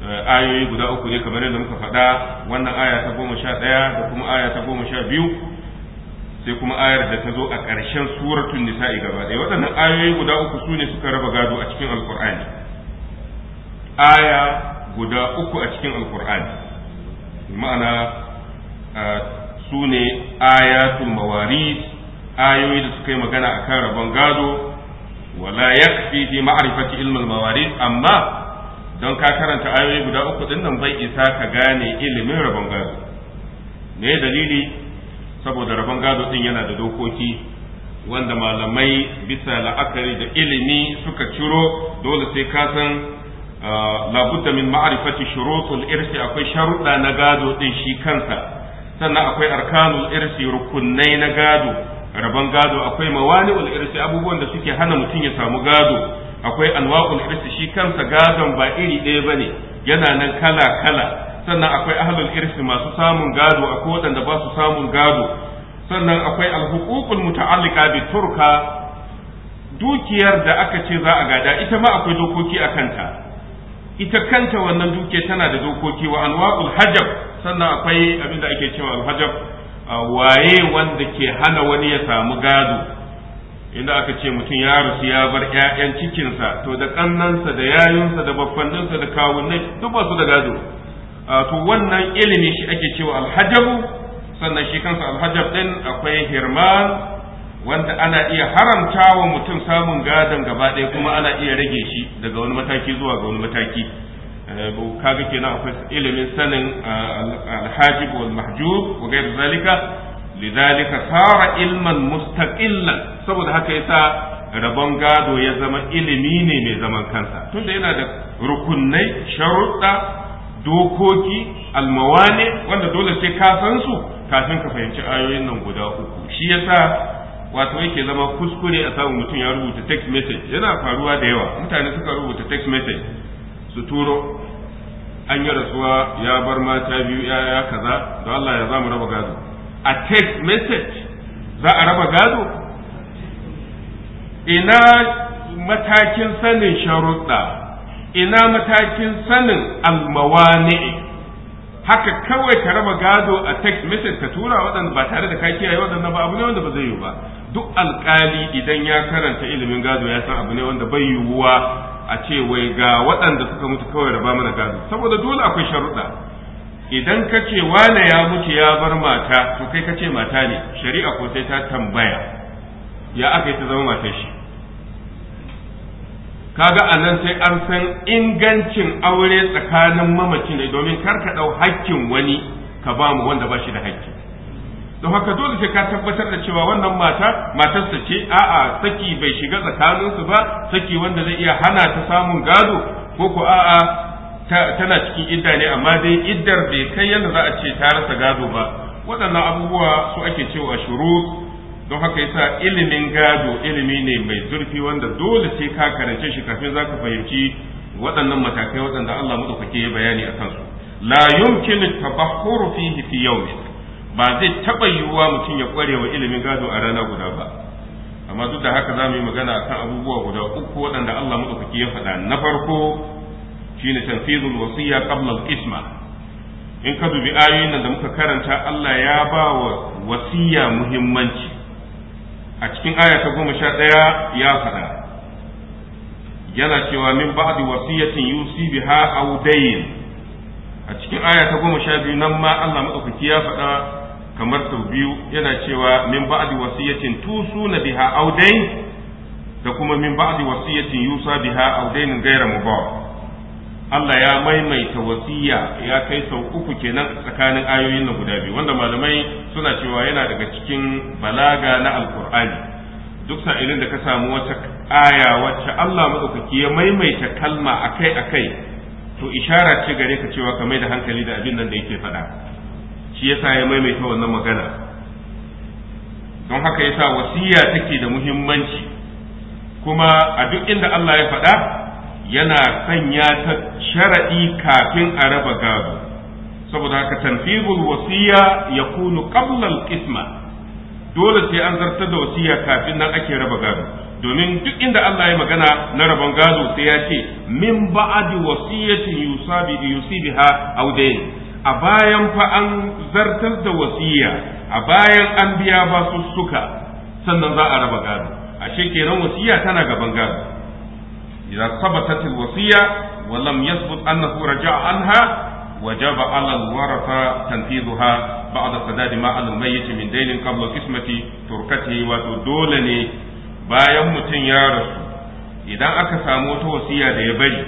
ah, ayoyi guda uku ne kamar yadda muka faɗa wannan aya ta goma sha ɗaya da kuma aya ta goma sha biyu sai kuma ayar da ta zo a ƙarshen suratun nisa'i gaba ɗaya waɗannan ayoyi guda uku su ne suka raba gado a cikin Alƙur'ani. aya guda uku a cikin Alƙur'ani. ma'ana su ne ayatul mawari, ayoyi da suka yi magana a kan rabon gado wala ya fi ma'arifaci ilmin mawari amma don ka karanta ayoyi guda uku din nan bai isa ka gane ilimin rabon gado me dalili saboda rabon gado din yana da dokoki wanda malamai bisa la'akari da ilimi suka ciro dole sai ka san ah, labudda min ma'arifati shurutul irsi akwai sharuɗa na gado din shi kansa sannan akwai arkanul irsi rukunai na gado rabon gado akwai mawani'ul irsi abubuwan da suke hana mutum ya samu gado akwai anwa'ul irsi shi kansa gadon ba iri ɗaya bane yana nan kala kala sannan akwai ahlul irsi masu samun gado akwai waɗanda ba su samun gado sannan akwai alhuququl muta'alliqa bi turka dukiyar da aka ce za a gada ita ma akwai dokoki a kanta ita kanta wannan dukiya tana da dokoki wa anwa'ul hajab sannan akwai abin da ake cewa alhajab waye wanda ke hana wani ya samu gado inda aka ce mutum ya rusu ya bar ƴaƴan cikinsa to da kannansa da yayunsa da baffanninsa da kawunnai duk ba su da gado Ah, to wannan ilimi shi ake cewa alhajabu sannan shi kansa alhajab din akwai hirma wanda ana iya haramta wa mutum samun gadon gaba ɗaya kuma ana iya rage shi daga wani mataki zuwa ga wani mataki eh, kaga kenan akwai ilimin sanin ah, alhajib wal mahjub wa gairu zalika lidhalika sara ilman mustaqillan saboda haka yasa rabon gado ya zama ilimi ne mai zaman kansa tunda yana da rukunnai sharuɗa dokoki almawane wanda dole sai ka san su kafin ka fahimci ayoyin nan guda uku shi yasa wato yake zama kuskure a samu mutum ya rubuta text message yana faruwa da yawa mutane suka rubuta text message su turo an yi rasuwa ya bar mata biyu ya kaza da Allah ya zamu raba gado a text message za a raba gado ina matakin sanin sharuɗa ina matakin sanin almawani haka kawai ka raba gado a text message ka tura waɗanda ba tare da ka kiyaye waɗanda ba abu ne wanda ba zai yiwu ba duk alkali idan ya karanta ilimin gado ya san abu ne wanda bai yiwuwa a ce wai ga waɗanda suka mutu kawai raba mana gado saboda dole akwai sharuɗa idan ka ce wane ya mutu ya bar mata to kai ka ce mata ne shari'a ko sai ta tambaya ya aka yi ta zama matar shi kaga a nan sai an san ingancin aure tsakanin mamaci ne domin kar ka ɗau hakkin wani ka ba mu wanda ba shi da hakki don haka dole sai ka tabbatar da cewa wannan mata matarsa ce a'a saki bai shiga tsakaninsu ba saki wanda zai iya hana ta samun gado ko ko a'a tana cikin idda ne amma dai iddar bai kai yadda za a ce ta rasa gado ba waɗannan abubuwa su ake cewa shurut don haka yasa ilimin gado ilimi ne mai zurfi wanda dole sai ka karance shi kafin za ka fahimci waɗannan matakai waɗanda Allah madaukake ya bayani a kansu la yumkin tabahhuru fihi fi yawmin ba zai taɓa yiwuwa mutum ya kware wa ilimin gado a rana guda ba amma duk da haka za mu yi magana akan abubuwa guda uku waɗanda Allah madaukake ya faɗa na farko shine tanfizul wasiya qabla al-qisma in ka dubi ayoyin nan da muka karanta Allah ya ba wa wasiya muhimmanci a cikin aya ta goma sha ɗaya ya faɗa yana cewa min ba'di wasiyatin yusi biha aw dayn a cikin aya ta goma sha biyu nan ma Allah madaukaki ya faɗa kamar sau biyu yana cewa min ba'di wasiyatin na biha aw dayn da kuma min ba'di wasiyatin yusa biha aw dayn ghayra mubah Allah ya maimaita wasiya ya kai sau uku kenan tsakanin ayoyin na guda biyu wanda malamai suna cewa yana daga cikin balaga na alkur'ani duk sa'ilin da ka samu wata aya wacce Allah madaukaki ya maimaita kalma akai akai to ishara ce gare ka cewa ka mai da hankali da abin nan da yake faɗa shi yasa ya maimaita wannan magana don haka yasa wasiya take da muhimmanci kuma a duk inda Allah ya faɗa yana sanya ta sharaɗi kafin a raba gado saboda haka tanfizul wasiya ya kunu ƙablal qisma dole sai an zartar da wasiya kafin nan ake raba gado domin duk inda Allah ya magana na rabon gado sai ya ce min ba'di wasiyatin yusabi yusibiha aw a bayan fa an zartar da wasiya a bayan an biya suka, sannan za a raba gado ashe kenan wasiya tana gaban gado إذا ثبتت الوصية ولم يثبت أنه رجع عنها وجب على الورثة تنفيذها بعد سداد ما على الميت من دين قبل قسمة تركته وتدولني bayan mutum ya rasu idan aka samu wata wasiya da ya bari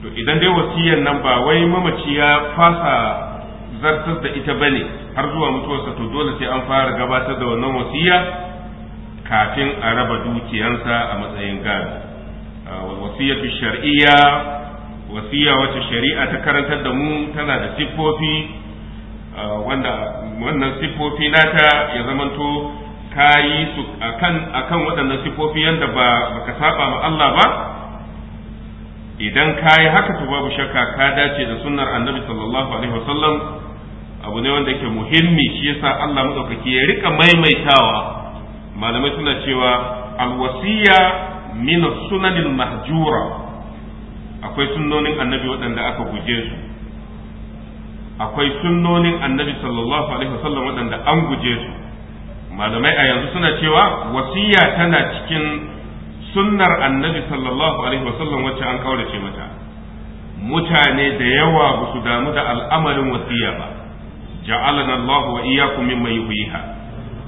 to idan dai wasiyan nan ba wai mamaci ya fasa zartar da ita bane har zuwa mutuwarsa to dole sai an fara gabatar da wannan wasiya kafin a raba dukiyansa a matsayin gado والوصية الشرعية وصية وتشريعة shari'a ta تنا da mu tana da siffofi nata ya zamanto ka yi akan akan waɗannan siffofi yanda ba baka saba ma Allah ba idan ka yi haka to babu shakka ka dace da sunnar Annabi sallallahu alaihi wasallam abu ne wanda yake muhimmi shi yasa Allah madaukaki ya rika maimaitawa malamai suna cewa alwasiya min sunanin mahjura akwai sunnonin annabi waɗanda aka guje su akwai sunnonin annabi sallallahu alaihi wasallam waɗanda an guje su malamai a yanzu suna cewa wasiya tana cikin sunnar annabi sallallahu alaihi wasallam wacce an kaurace mata mutane da yawa ba su damu da al'amarin wasiya ba ja'alana Allah wa iyyakum mimman yuhiha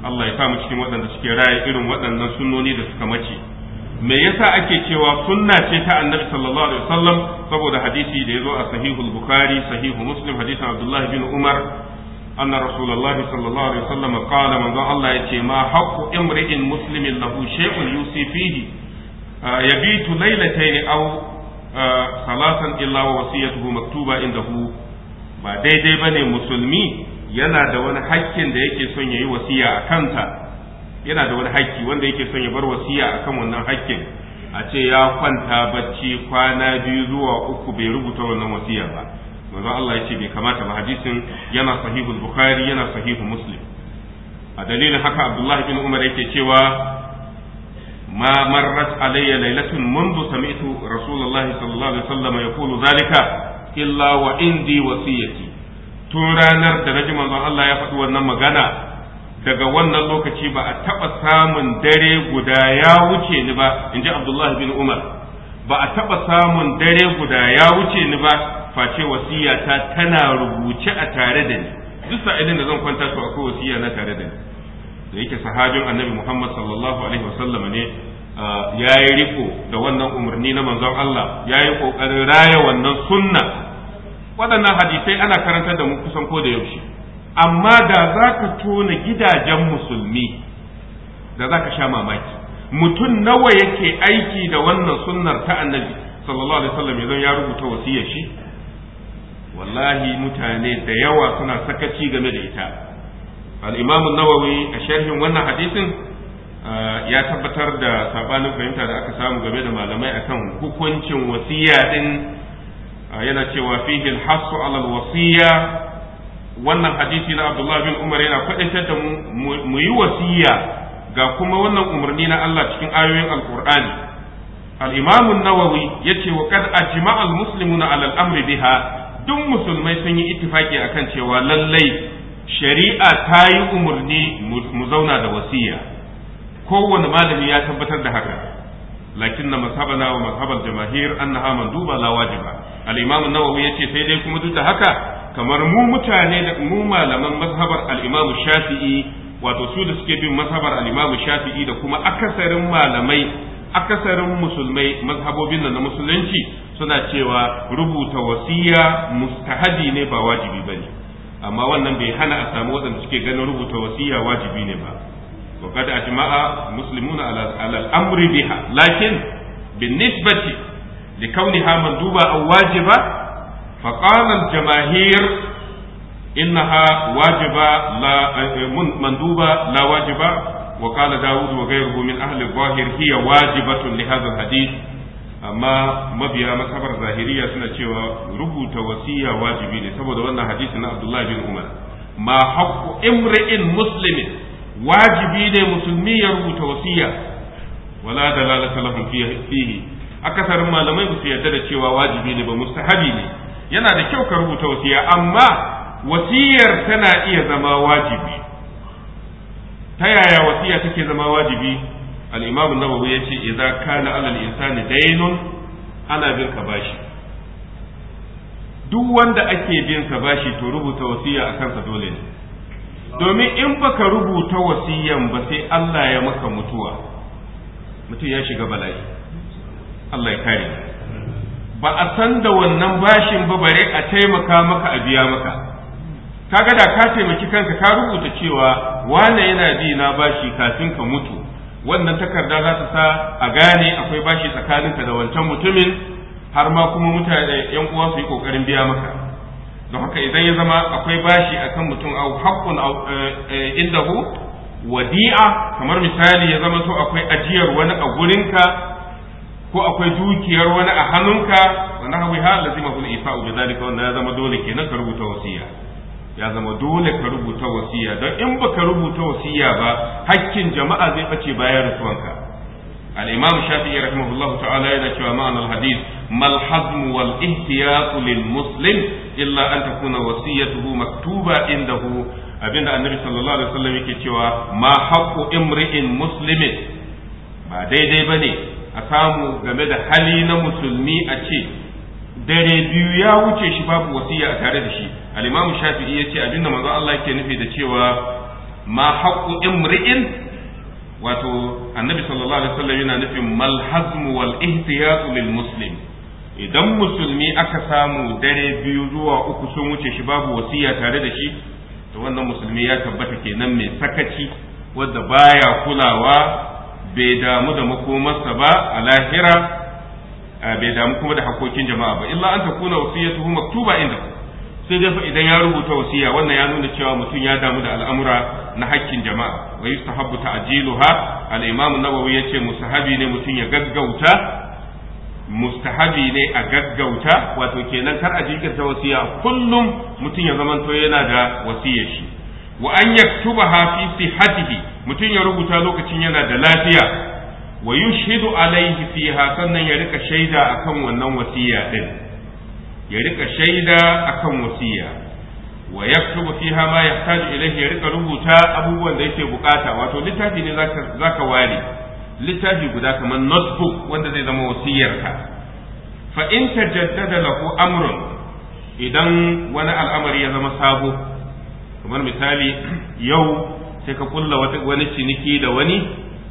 Allah ya samu cikin waɗanda suke raya irin waɗannan sunnoni da suka mace me yasa ake cewa sunna ce ta annabi sallallahu alaihi wasallam saboda hadisi da yazo a sahihul bukhari sahihu muslim hadisin abdullahi bin umar anna rasulullah sallallahu alaihi wasallam qala manzo Allah yace ma haqqu imri'in muslimin lahu shay'un yusi fihi uh, yabitu laylatayn aw uh, salatan illa wa wasiyatuhu maktuba indahu ba daidai bane musulmi yana da wani hakkin da yake son yayi wasiya a kanta yana da wani haƙƙi wanda yake son ya bar wasiya akan wannan haƙƙin a ce ya kwanta bacci kwana biyu zuwa uku bai rubuta wannan wasiya ba manzon Allah ya ce bai kamata ba hadisin yana sahihul bukhari yana sahihul muslim a dalilin haka abdullahi bin umar yake cewa ما مرت علي ليلة منذ سمعت رسول الله صلى الله عليه وسلم يقول ذلك إلا وعندي tun ranar da na ji manzon Allah ya faɗi wannan magana daga wannan lokaci ba a taɓa samun dare guda ya wuce ni ba in ji abdullahi bin umar ba a taɓa samun dare guda ya wuce ni ba face wasiyata tana rubuce a tare da ni duk sa'ilin da zan kwanta to akwai wasiya na tare da ni da yake sahabin annabi muhammad sallallahu alaihi wasallam ne ya yi riko da wannan umarni na manzon allah ya yi ƙoƙarin raya wannan sunna waɗannan hadisai ana karantar da mu kusan ko da yaushe amma da za ka tona gidajen musulmi da za ka sha mamaki mutum nawa yake aiki da wannan sunnar ta annabi sallallahu alaihi wasallam idan ya rubuta wasiyar shi wallahi mutane da yawa suna sakaci game da ita al-imam an-nawawi a sharhin wannan hadisin uh, ya tabbatar da sabanin fahimta da aka samu game da malamai akan hukuncin wasiya din uh, yana cewa fihi al-hasu ala al-wasiya wannan hadisi na Abdullah bin Umar yana faɗaitar da mu mu yi wasiya ga kuma wannan umarni na Allah cikin ayoyin Al-Qur'ani al-Imam an-Nawawi yace wa qad ajma'a al-muslimuna 'ala al-amri biha duk musulmai sun yi ittifaki akan cewa lallai shari'a ta yi umarni mu zauna da wasiya kowane malami ya tabbatar da haka lakinna masabana wa masabal jamahir annaha manduba la wajiba al-Imam an-Nawawi yace sai dai kuma duk da haka kamar mu mutane da mu malaman mazhabar al-Imam Shafi'i wato su da suke bin mazhabar al-Imam Shafi'i da kuma akasarin malamai akasarin musulmai mazhabobin nan na musulunci suna cewa rubuta wasiya mustahabi ne ba wajibi bane amma wannan bai hana a samu waɗanda suke ganin rubuta wasiya wajibi ne ba wa kad ajma'a muslimuna ala al-amri biha lakin بالنسبة لكونها مندوبة أو واجبة فقال الجماهير إنها واجبة لا مندوبة لا واجبة وقال داود وغيره من أهل الظاهر هي واجبة لهذا الحديث amma mabiya masabar zahiriya suna cewa rubuta wasiya wajibi ne saboda wannan hadisi na Abdullah bin Umar ma haqqu imri'in muslimin wajibi ne musulmi ya rubuta wasiya wala dalalata lahum fihi akasarin malamai ba su yarda da cewa wajibi ne ba mustahabi ne yana da kyau ka rubuta wasiya amma wasiyar tana iya zama wajibi ta yaya wasiya take zama wajibi al-imamu nawawi yace idza kana alal insani daynun ana bin ka bashi duk wanda ake bin ka bashi to rubuta wasiya a kansa dole ne domin in baka rubuta wasiyan ba sai Allah ya maka mutuwa mutum ya shiga bala'i Allah ya kare ba a san da wannan bashin ba bare a taimaka maka a biya maka kaga da ka taimaki kanka ka rubuta cewa wane yana bi na bashi kafin ka mutu wannan takarda za ta sa a gane akwai bashi tsakaninka da wancan mutumin har ma kuma mutane yan uwa su yi kokarin biya maka don haka idan ya zama akwai bashi akan mutum au haqqun eh, eh, indahu wadi'a kamar misali ya zama so akwai ajiyar wani a gurinka ko akwai dukiyar wani a hannunka wannan hawi ha lazima kul ifa'u bi zalika wannan ya zama dole kenan ka rubuta wasiya ya zama dole ka rubuta wasiya don in baka rubuta wasiya ba hakkin jama'a zai bace bayan rasuwanka al-imam shafi'i rahimahullahu ta'ala yana cewa ma'anar hadis mal hazmu wal ihtiyatu lil muslim illa an takuna wasiyatuhu maktuba indahu abinda annabi sallallahu alaihi wasallam yake cewa ma haqqu imri'in muslimin ba daidai bane a samu game da hali na musulmi a ce dare biyu ya wuce shi babu wasiya a tare da shi al'imamu shafi'i shafi'i yace abinda manzo Allah yake nufi da cewa ma haqqu imri'in wato annabi sallallahu alaihi wasallam yana nufin mal hazm wal ihtiyat lil muslim idan musulmi aka samu dare biyu zuwa uku sun wuce shi babu wasiya tare da shi to wannan musulmi ya tabbata kenan mai sakaci wanda baya kulawa bai damu da makomarsa ba a lahira bai damu kuma da hakokin jama'a ba illa an takuna wasiyatuhu maktuba inda sai dai fa idan ya rubuta wasiya wannan ya nuna cewa mutum ya damu da al'amura na hakkin jama'a wa yustahabbu ta'jiluha al-imam an-nawawi yace musahabi ne mutum ya gaggauta mustahabi ne a gaggauta wato kenan kar a jinkirta wasiya kullum mutum ya zamanto yana da wasiyar shi wa an ha fi sihhatihi mutum ya rubuta lokacin yana da lafiya wa yushhidu alaihi fiha sannan ya rika shaida akan wannan wasiya din ya rika shaida akan wasiya wa yaktubu fiha ma yahtaju ilayhi ya rika rubuta abubuwan da yake bukata wato littafi ne zaka ware littafi guda kamar notebook wanda zai zama wasiyarka fa in tajaddada lahu amrun idan wani al'amari ya zama sabo kamar misali yau sai ka kulla wani ciniki da wani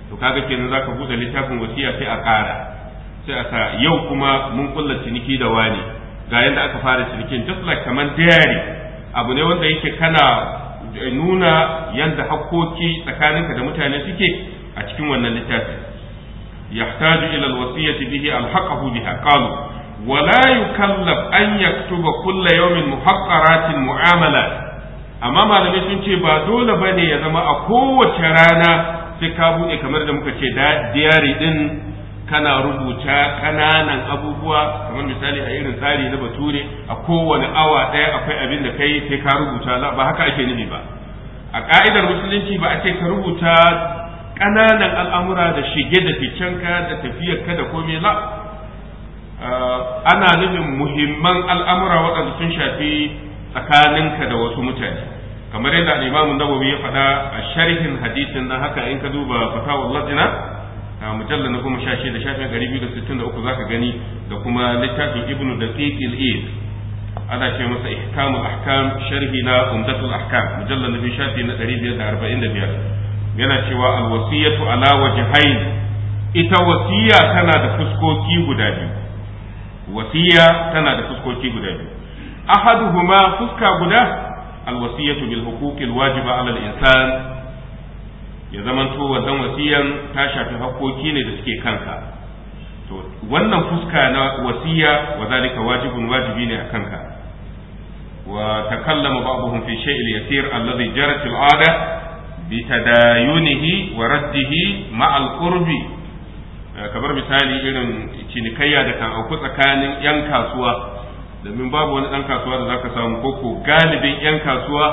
to kaga kenan zaka buɗe littafin wasiya sai a ƙara sai a sa yau kuma mun kulla ciniki da wani ga yadda aka fara cinikin just like kamar diary abu ne wanda yake kana nuna yadda hakkoki tsakaninka da mutane suke a cikin wannan littafin yahtaju ila alwasiyati bihi alhaqahu biha qalu wala yukallaf an yaktuba kulla yawmin muhaqqaratin mu'amalat amma malamai sun ce ba dole ba ne ya zama a kowace rana sai ka buɗe kamar da muka ce diyari din kana rubuta ƙananan abubuwa kamar misali a irin tsari na bature a kowane awa ɗaya akwai abin da kai sai ka rubuta ba haka ake nufi ba a ƙa'idar musulunci ba a ce ka rubuta ƙananan al'amura da shige da ka da tafiyar ka da komai la ah, ana nufin muhimman al'amura waɗanda sun shafi tsakaninka da wasu mutane kamar yadda al-Imam Nawawi ya faɗa a sharhin hadisin dan haka in ka duba fatawul lajna a mujallal na kuma sha da shafin ɗari biyu da sittin da uku zaka gani da kuma littafin Ibn da al-Eid ana ce masa ihkamu ahkam sharhi na umdatul ahkam mujallal na biyu shafi na ɗari biyar da arba'in da biyar yana cewa al-wasiyatu ala wajhain ita wasiya tana da fuskoki guda biyu wasiya tana da fuskoki guda biyu ahaduhuma fuska guda alwasiyatu bil huquqi alwajiba ala insan ya zamanto wannan wasiyan ta shafi haƙƙoƙi ne da suke kanka to wannan fuska na wasiya wa zalika wajibun wajibi ne a kanka wa takallama ba'dhum fi shay'il yasir alladhi jarat al-'ada bi tadayunihi wa raddihi ma'a al-qurbi kamar misali irin cinikayya da kan auku tsakanin 'yan kasuwa domin babu wani ɗan kasuwa da zaka samu ko galibin 'yan kasuwa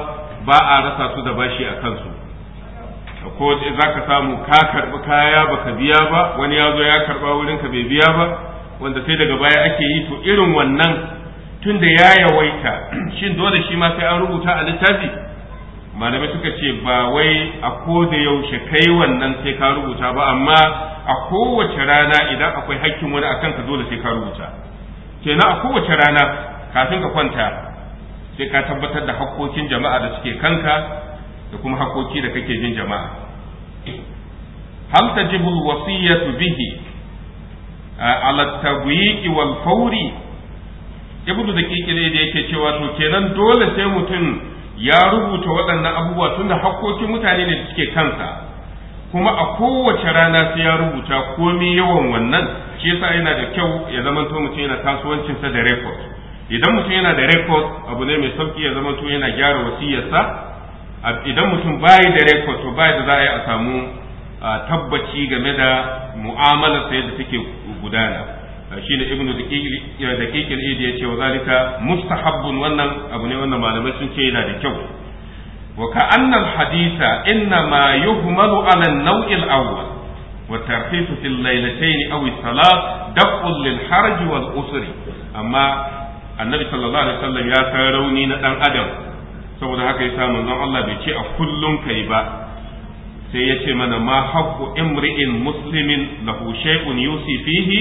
ba a rasa su da bashi a kansu ko za ka samu ka karɓi kaya ba ka biya ba wani ya zo ya karɓa wurin ka bai biya ba wanda sai daga baya ake yi to irin wannan tun da ya yawaita shin dole shi ma sai an rubuta a littafi malamai suka ce ba wai a ko da yaushe kai wannan sai ka rubuta ba amma a kowace rana idan akwai hakkin wani akan ka dole sai ka rubuta kenan a kowace rana kafin ka kwanta sai ka tabbatar da hakkokin jama'a da suke kanka da kuma hakkoki da kake jin jama'a hal tajibu wasiyatu bihi ala tabyi'i wal fawri ibnu da kikile da yake cewa to kenan dole sai mutum ya rubuta waɗannan abubuwa tunda hakkokin mutane ne da suke kansa kuma a kowace rana sai ya rubuta komai yawan wannan shi yasa yana da kyau ya zama to mutum yana kasuwancin sa da record idan mutum yana da record abu ne mai sauki ya zama to yana gyara wasiyarsa idan mutum bai da record to bai da za a yi a samu tabbaci game da mu'amalar sa yadda take gudana shine ibnu daqiq al-idi yace wa zalika mustahabbun wannan abu ne wannan malamai sun ce yana da kyau وكأن الحديث إنما يهمل على النوع الأول والترخيص في الليلتين أو الصلاة دفع للحرج والأسر أما النبي صلى الله عليه وسلم يا تروني ندان أدم saboda haka yasa manzon Allah bai ce a kullum kai ba sai ya ce mana ma haqqu imri'in muslimin lahu shay'un yusi fihi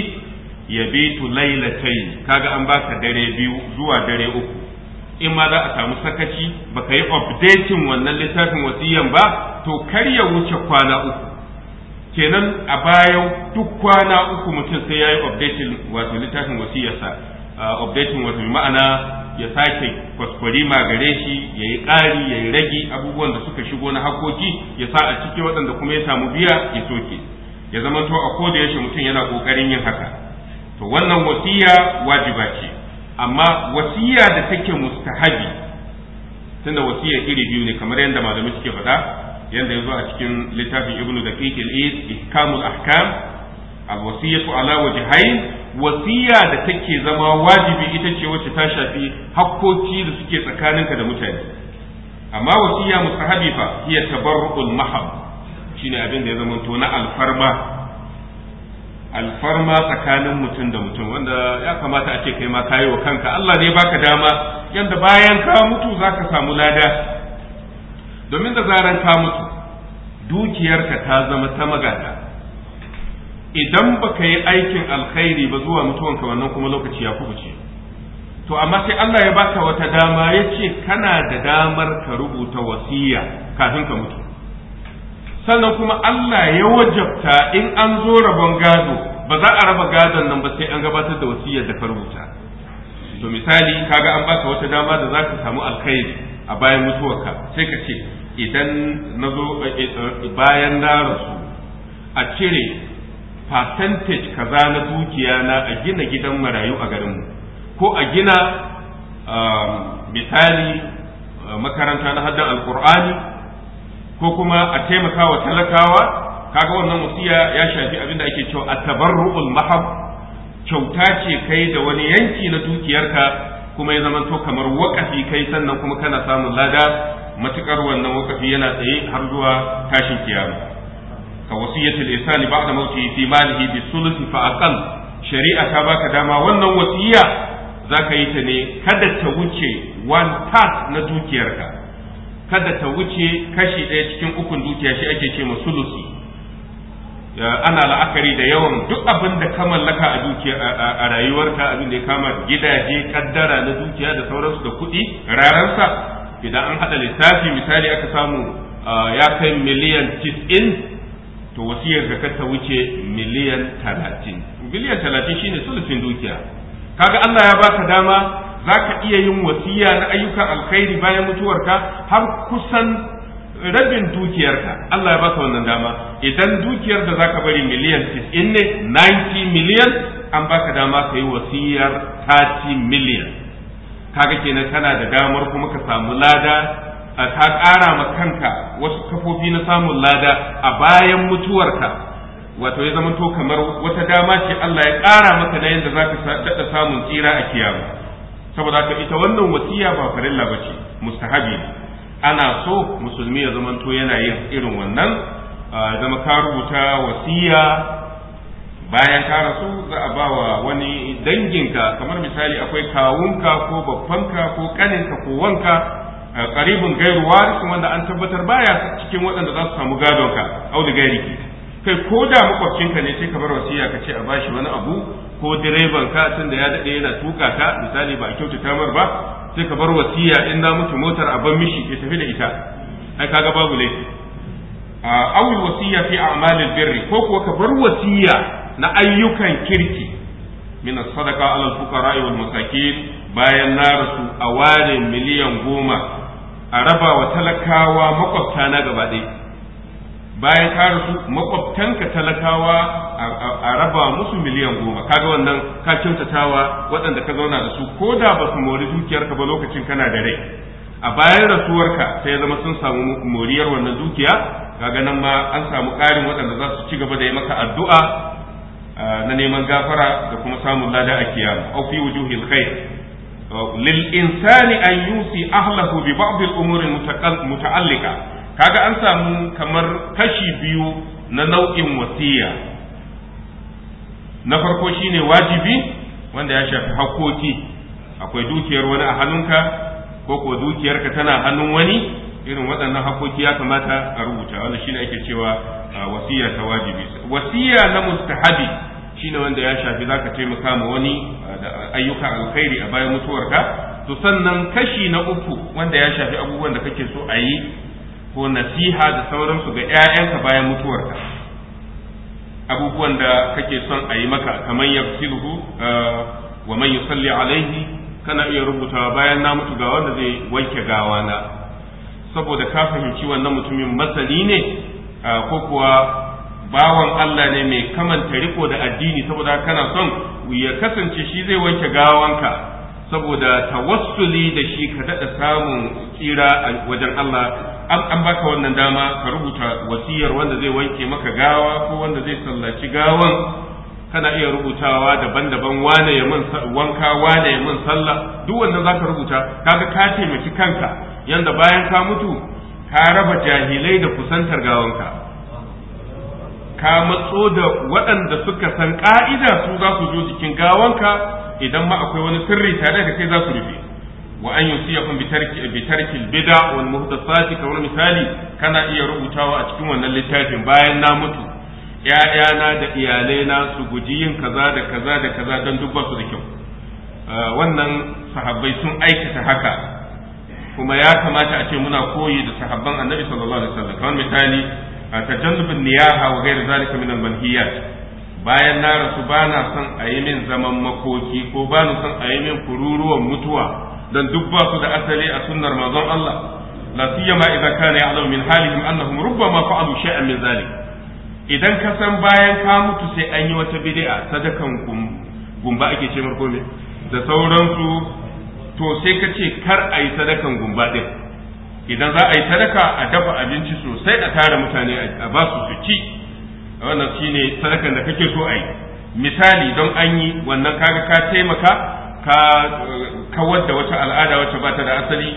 yabitu laylatayn kaga an baka dare biyu zuwa dare uku in ma za a samu sakaci baka yi updating wannan littafin wasiyan ba to kar ya wuce kwana uku kenan a bayan duk kwana uku mutum sai ya yi updating wato littafin wasiyarsa uh, updating wato ma'ana ya sake kwaskwari gare shi ya yi ƙari ya yi ragi abubuwan da suka shigo na hakoki ya sa a ciki waɗanda kuma ya samu biya ya soke ya zama to a da yaushe mutum yana ƙoƙarin yin haka to wannan wasiya wajiba ce amma wasiya da take mustahabi tunda wasiya iri biyu ne kamar yadda malamai suke faɗa yanda zo a cikin littafin ibnu daqiq al-eid ihkamul ahkam al-wasiyatu ala wajhayn wasiya da take zama wajibi ita ce wacce ta shafi hakkoki da suke tsakaninka da mutane amma wasiya mustahabi fa hiya tabarru'ul mahab shine abin da ya zama to na alfarma alfarma tsakanin mutum da mutum wanda ya kamata a ce kai ma kayi wa kanka Allah ne baka dama yanda bayan ka mutu zaka samu lada domin da zaran ka mutu dukiyarka ta zama ta magata idan baka yi aikin alkhairi ba zuwa mutuwanka wannan kuma lokaci ya kubuce to amma sai Allah ya baka wata dama ya ce kana da damar ka rubuta wasiya kafin ka mutu sannan kuma Allah ya wajabta in an zo rabon gado ba za a raba gadon nan ba sai an gabatar da wasiyar da ka rubuta to misali kaga an baka wata dama da za ka samu alkhairi a bayan mutuwarka sai ka ce idan na zo eh, eh, eh, bayan na rasu a cire percentage kaza na dukiya na a gina gidan marayu a garinmu ko a gina um, misali uh, makaranta na haddan alkur'ani ko kuma a taimaka wa talakawa kaga wannan wasiya ya shafi abinda ake cewa a tabarruul mahab kyauta ce kai da wani yanki na dukiyarka kuma ya zama to kamar wakafi kai sannan kuma kana samun lada matukar wannan wakafi yana tsaye har zuwa tashin kiyama ka wasiyatul ihsani ba'da mawti fi malihi bi sulusi fa aqal shari'a ta baka dama wannan wasiya zaka yi ta ne kada ta wuce one third na dukiyarka kada ta wuce kashi ɗaya cikin ukun dukiya shi ake ce ma sulusi ana la'akari da yawan duk abin da ka mallaka a dukiya a rayuwarka abin da ya kama gidaje kaddara na dukiya da sauransu da kuɗi rararsa idan an haɗa lissafi misali aka samu ya kai miliyan tis'in to wasiyar ka ta wuce miliyan talatin miliyan talatin shine sulusin dukiya kaga Allah ya baka dama zaka iya yin wasiya na ayyukan alkhairi bayan mutuwarka har kusan rabin dukiyarka Allah ya baka wannan dama idan dukiyar da zaka bari miliyan 90 ne 90 miliyan an baka dama ka yi wasiyar 30 miliyan kaga kenan kana da damar kuma ka samu lada ka ƙara ma kanka wasu kafofi na samun lada a bayan mutuwarka wato ya zama to kamar wata dama ce Allah ya ƙara maka na yadda za ka daɗa samun tsira a kiyama saboda haka ita wannan wasiya ba farilla ba ce mustahabi ana so musulmi ya zamanto yana yin irin wannan zama ka rubuta wasiya bayan ka rasu za a bawa wani danginka kamar misali akwai kawunka ko babbanka ko kaninka ko wanka karibin gairuwa rikin wanda an tabbatar baya cikin waɗanda za su samu gadonka au da gairi kai ko da makwabcinka ne sai ka bar wasiya ka ce a bashi wani abu ko direban ka tun da ya daɗe yana tuka ta misali ba a kyautata mar ba sai ka bar wasiya in na mutu motar a ban mishi ya tafi da ita ai kaga babu laifi awul wasiya fi a'malil birri ko kuwa ka bar wasiya na ayyukan kirki min sadaka ala fuqara wal masakin bayan na rasu a ware miliyan goma a raba wa talakawa makwabta na gaba ɗaya bayan ka rasu makwabtanka talakawa a raba musu miliyan goma ga wannan ka kyautatawa waɗanda ka zauna da su ko da ba su mori dukiyarka ba lokacin kana da rai a bayan rasuwarka sai ya zama sun samu moriyar wannan dukiya kaga nan ma an samu ƙarin waɗanda za su ci gaba da yi maka addu'a na neman gafara da kuma samun lada a kiyama au fi wujuhil khair lil insani an yusi ahlahu bi ba'd al umuri muta'alliqa kaga an samu kamar kashi biyu na nau'in wasiya na farko shine wajibi wanda ya shafi hakoki. akwai dukiyar wani a hannunka ko ko dukiyarka tana hannun wani irin waɗannan hakoki ya kamata a rubuta wanda shine ake cewa wasiya ta wajibi wasiya na mustahabi shine wanda ya shafi zaka taimaka ma wani da ayyuka alkhairi a bayan mutuwarka to sannan kashi na uku wanda ya shafi abubuwan da kake so a yi ko nasiha da sauransu ga 'ya'yanka bayan mutuwarka abubuwan da kake son a yi maka kamar ya uh, wa man yusalli alaihi kana iya rubuta bayan na mutu ga wanda zai wanke gawa na saboda ka fahimci wannan mutumin masani ne uh, ko kuwa bawan Allah ne mai kamanta riko da addini saboda kana son ya kasance shi zai wanke gawanka saboda tawassuli da shi ka daɗa samun tsira wajen Allah an baka wannan dama ka rubuta wasiyar wanda zai wanke maka gawa ko wanda zai sallaci gawan kana iya rubutawa daban-daban wane ya man wanka wane ya man sallah duk wannan zaka rubuta kaga ka taimaki kanka yanda bayan ka mutu ka raba jahilai da kusantar gawanka ka matso da waɗanda suka san ka'ida su za su zo jikin gawanka idan ma akwai wani sirri tare da kai za su rufe wa an yusiyakum bi tarki bi tarki bid'a wal muhdathati kamar misali kana iya rubutawa a cikin wannan littafin bayan na mutu na da iyalai na su guji yin kaza da kaza da kaza don duk basu da kyau wannan sahabbai sun aikata haka kuma ya kamata a ce muna koyi da sahabban annabi sallallahu alaihi wasallam kamar misali tajannubin niyaha wa ghairu zalika min al-manhiyat bayan na rasu ba na son a yi min zaman makoki ko ba na son a yi min kururuwan mutuwa dan duk ba su da asali a sunnar manzon Allah la siyama idan kana ya'lamu min halihim annahum rubbama fa'alu shay'an min zalik idan ka san bayan ka mutu sai an yi wata bid'a sadakan gumba ake ce marko ne da sauransu to sai ka ce kar a yi sadakan gumba din idan za a yi sadaka a dafa abinci sosai a tara mutane a ba su su wannan shine sadakan da kake so a yi misali don an yi wannan kaga ka taimaka ka kawar da wata al'ada wacce ba ta da asali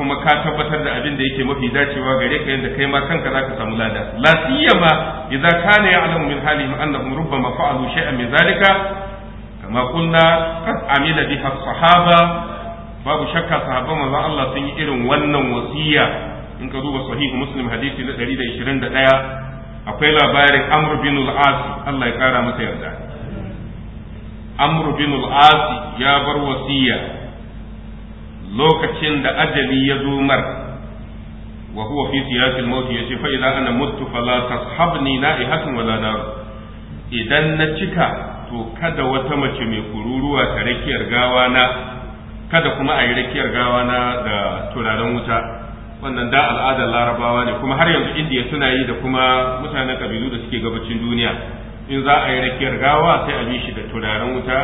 kuma ka tabbatar da abin da yake mafi dacewa gare ka yadda kai ma kanka za ka samu lada la siyama idza kana ya'lamu min halihim annahum rubbama fa'alu shay'an min zalika kama kunna qad amila biha sahaba babu shakka sahaba manzon Allah sun yi irin wannan wasiya in ka duba sahihu muslim hadisi na 121 akwai labarin amr bin al-as Allah ya kara masa yarda amr bin al ya bar wasiya lokacin da ajali ya zo mar wa huwa fi siyasil maut ce fa idza ana muttu fala tashabni na'ihatun wala nar idan na cika to kada wata mace mai kururuwa ta rakiyar gawa na kada kuma a yi rakiyar gawa na da turaren wuta wannan da al'adar larabawa ne kuma har yanzu indiya suna yi da kuma mutanen kabilu da suke gabacin duniya in za a yi rakiyar gawa sai a bi shi da turaren wuta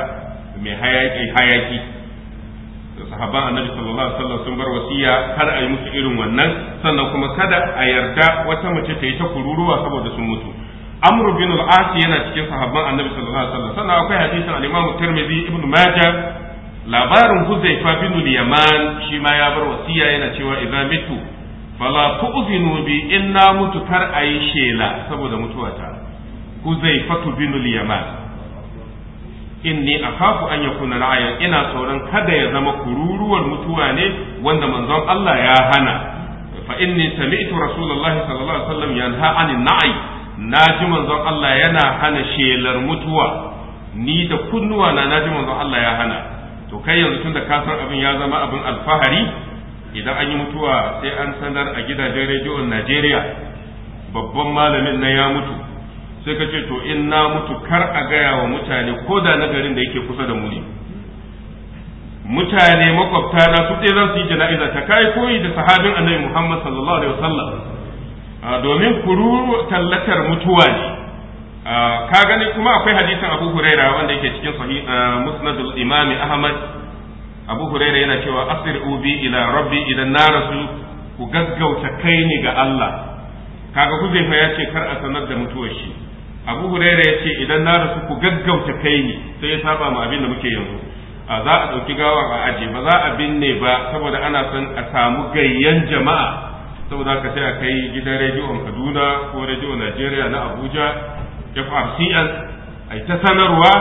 mai hayaki hayaki da sahaban annabi sallallahu alaihi wasallam sun bar wasiya kar a yi musu irin wannan sannan kuma kada a yarda wata mace ta yi ta kururuwa saboda sun mutu amru bin al-as yana cikin sahabban annabi sallallahu alaihi wasallam sannan akwai hadisin al-imam tirmidhi ibn majah labarin huzaifa bin al-yaman shi ma ya bar wasiya yana cewa idan mitu fala tu'zinu bi inna mutu kar ayi shela saboda mutuwata huzaifatu bin yaman inni akhafu an yakuna ra'ayan ina tsoron kada ya zama kururuwar mutuwa ne wanda manzon Allah ya hana fa inni sami'tu rasulullahi sallallahu alaihi wasallam yanha anin na'i naji manzon Allah yana hana shelar mutuwa ni da kunnuwa na naji manzon Allah ya hana to kai yanzu tunda ka san abin ya zama abin alfahari idan an yi mutuwa sai an sanar a gidajen rediyon Najeriya babban malamin na ya mutu sai ka ce to in na mutu kar a gaya wa mutane ko da na garin da yake kusa da mu ne mutane makwabta na su ɗaya su yi jana'iza ta kai koyi da sahabin annabi Muhammad sallallahu alaihi wasallam domin kururu tallatar mutuwa ne ka gani kuma akwai hadisin Abu Huraira wanda yake cikin sahih Musnad al Imami Ahmad Abu Huraira yana cewa asir ubi ila rabbi idan na rasu ku gaggauta kai ne ga Allah kaga kuzaifa ya ce kar a sanar da mutuwar shi abu huraira ya ce idan na rasu ku gaggauta kai ne sai ya saba ma abin da muke yanzu a za a ɗauki gawa a aje ba za a binne ba saboda ana son a samu gayyan jama'a saboda ka sai a kai gidan rediyon kaduna ko rediyo najeriya na abuja frcn a ta sanarwa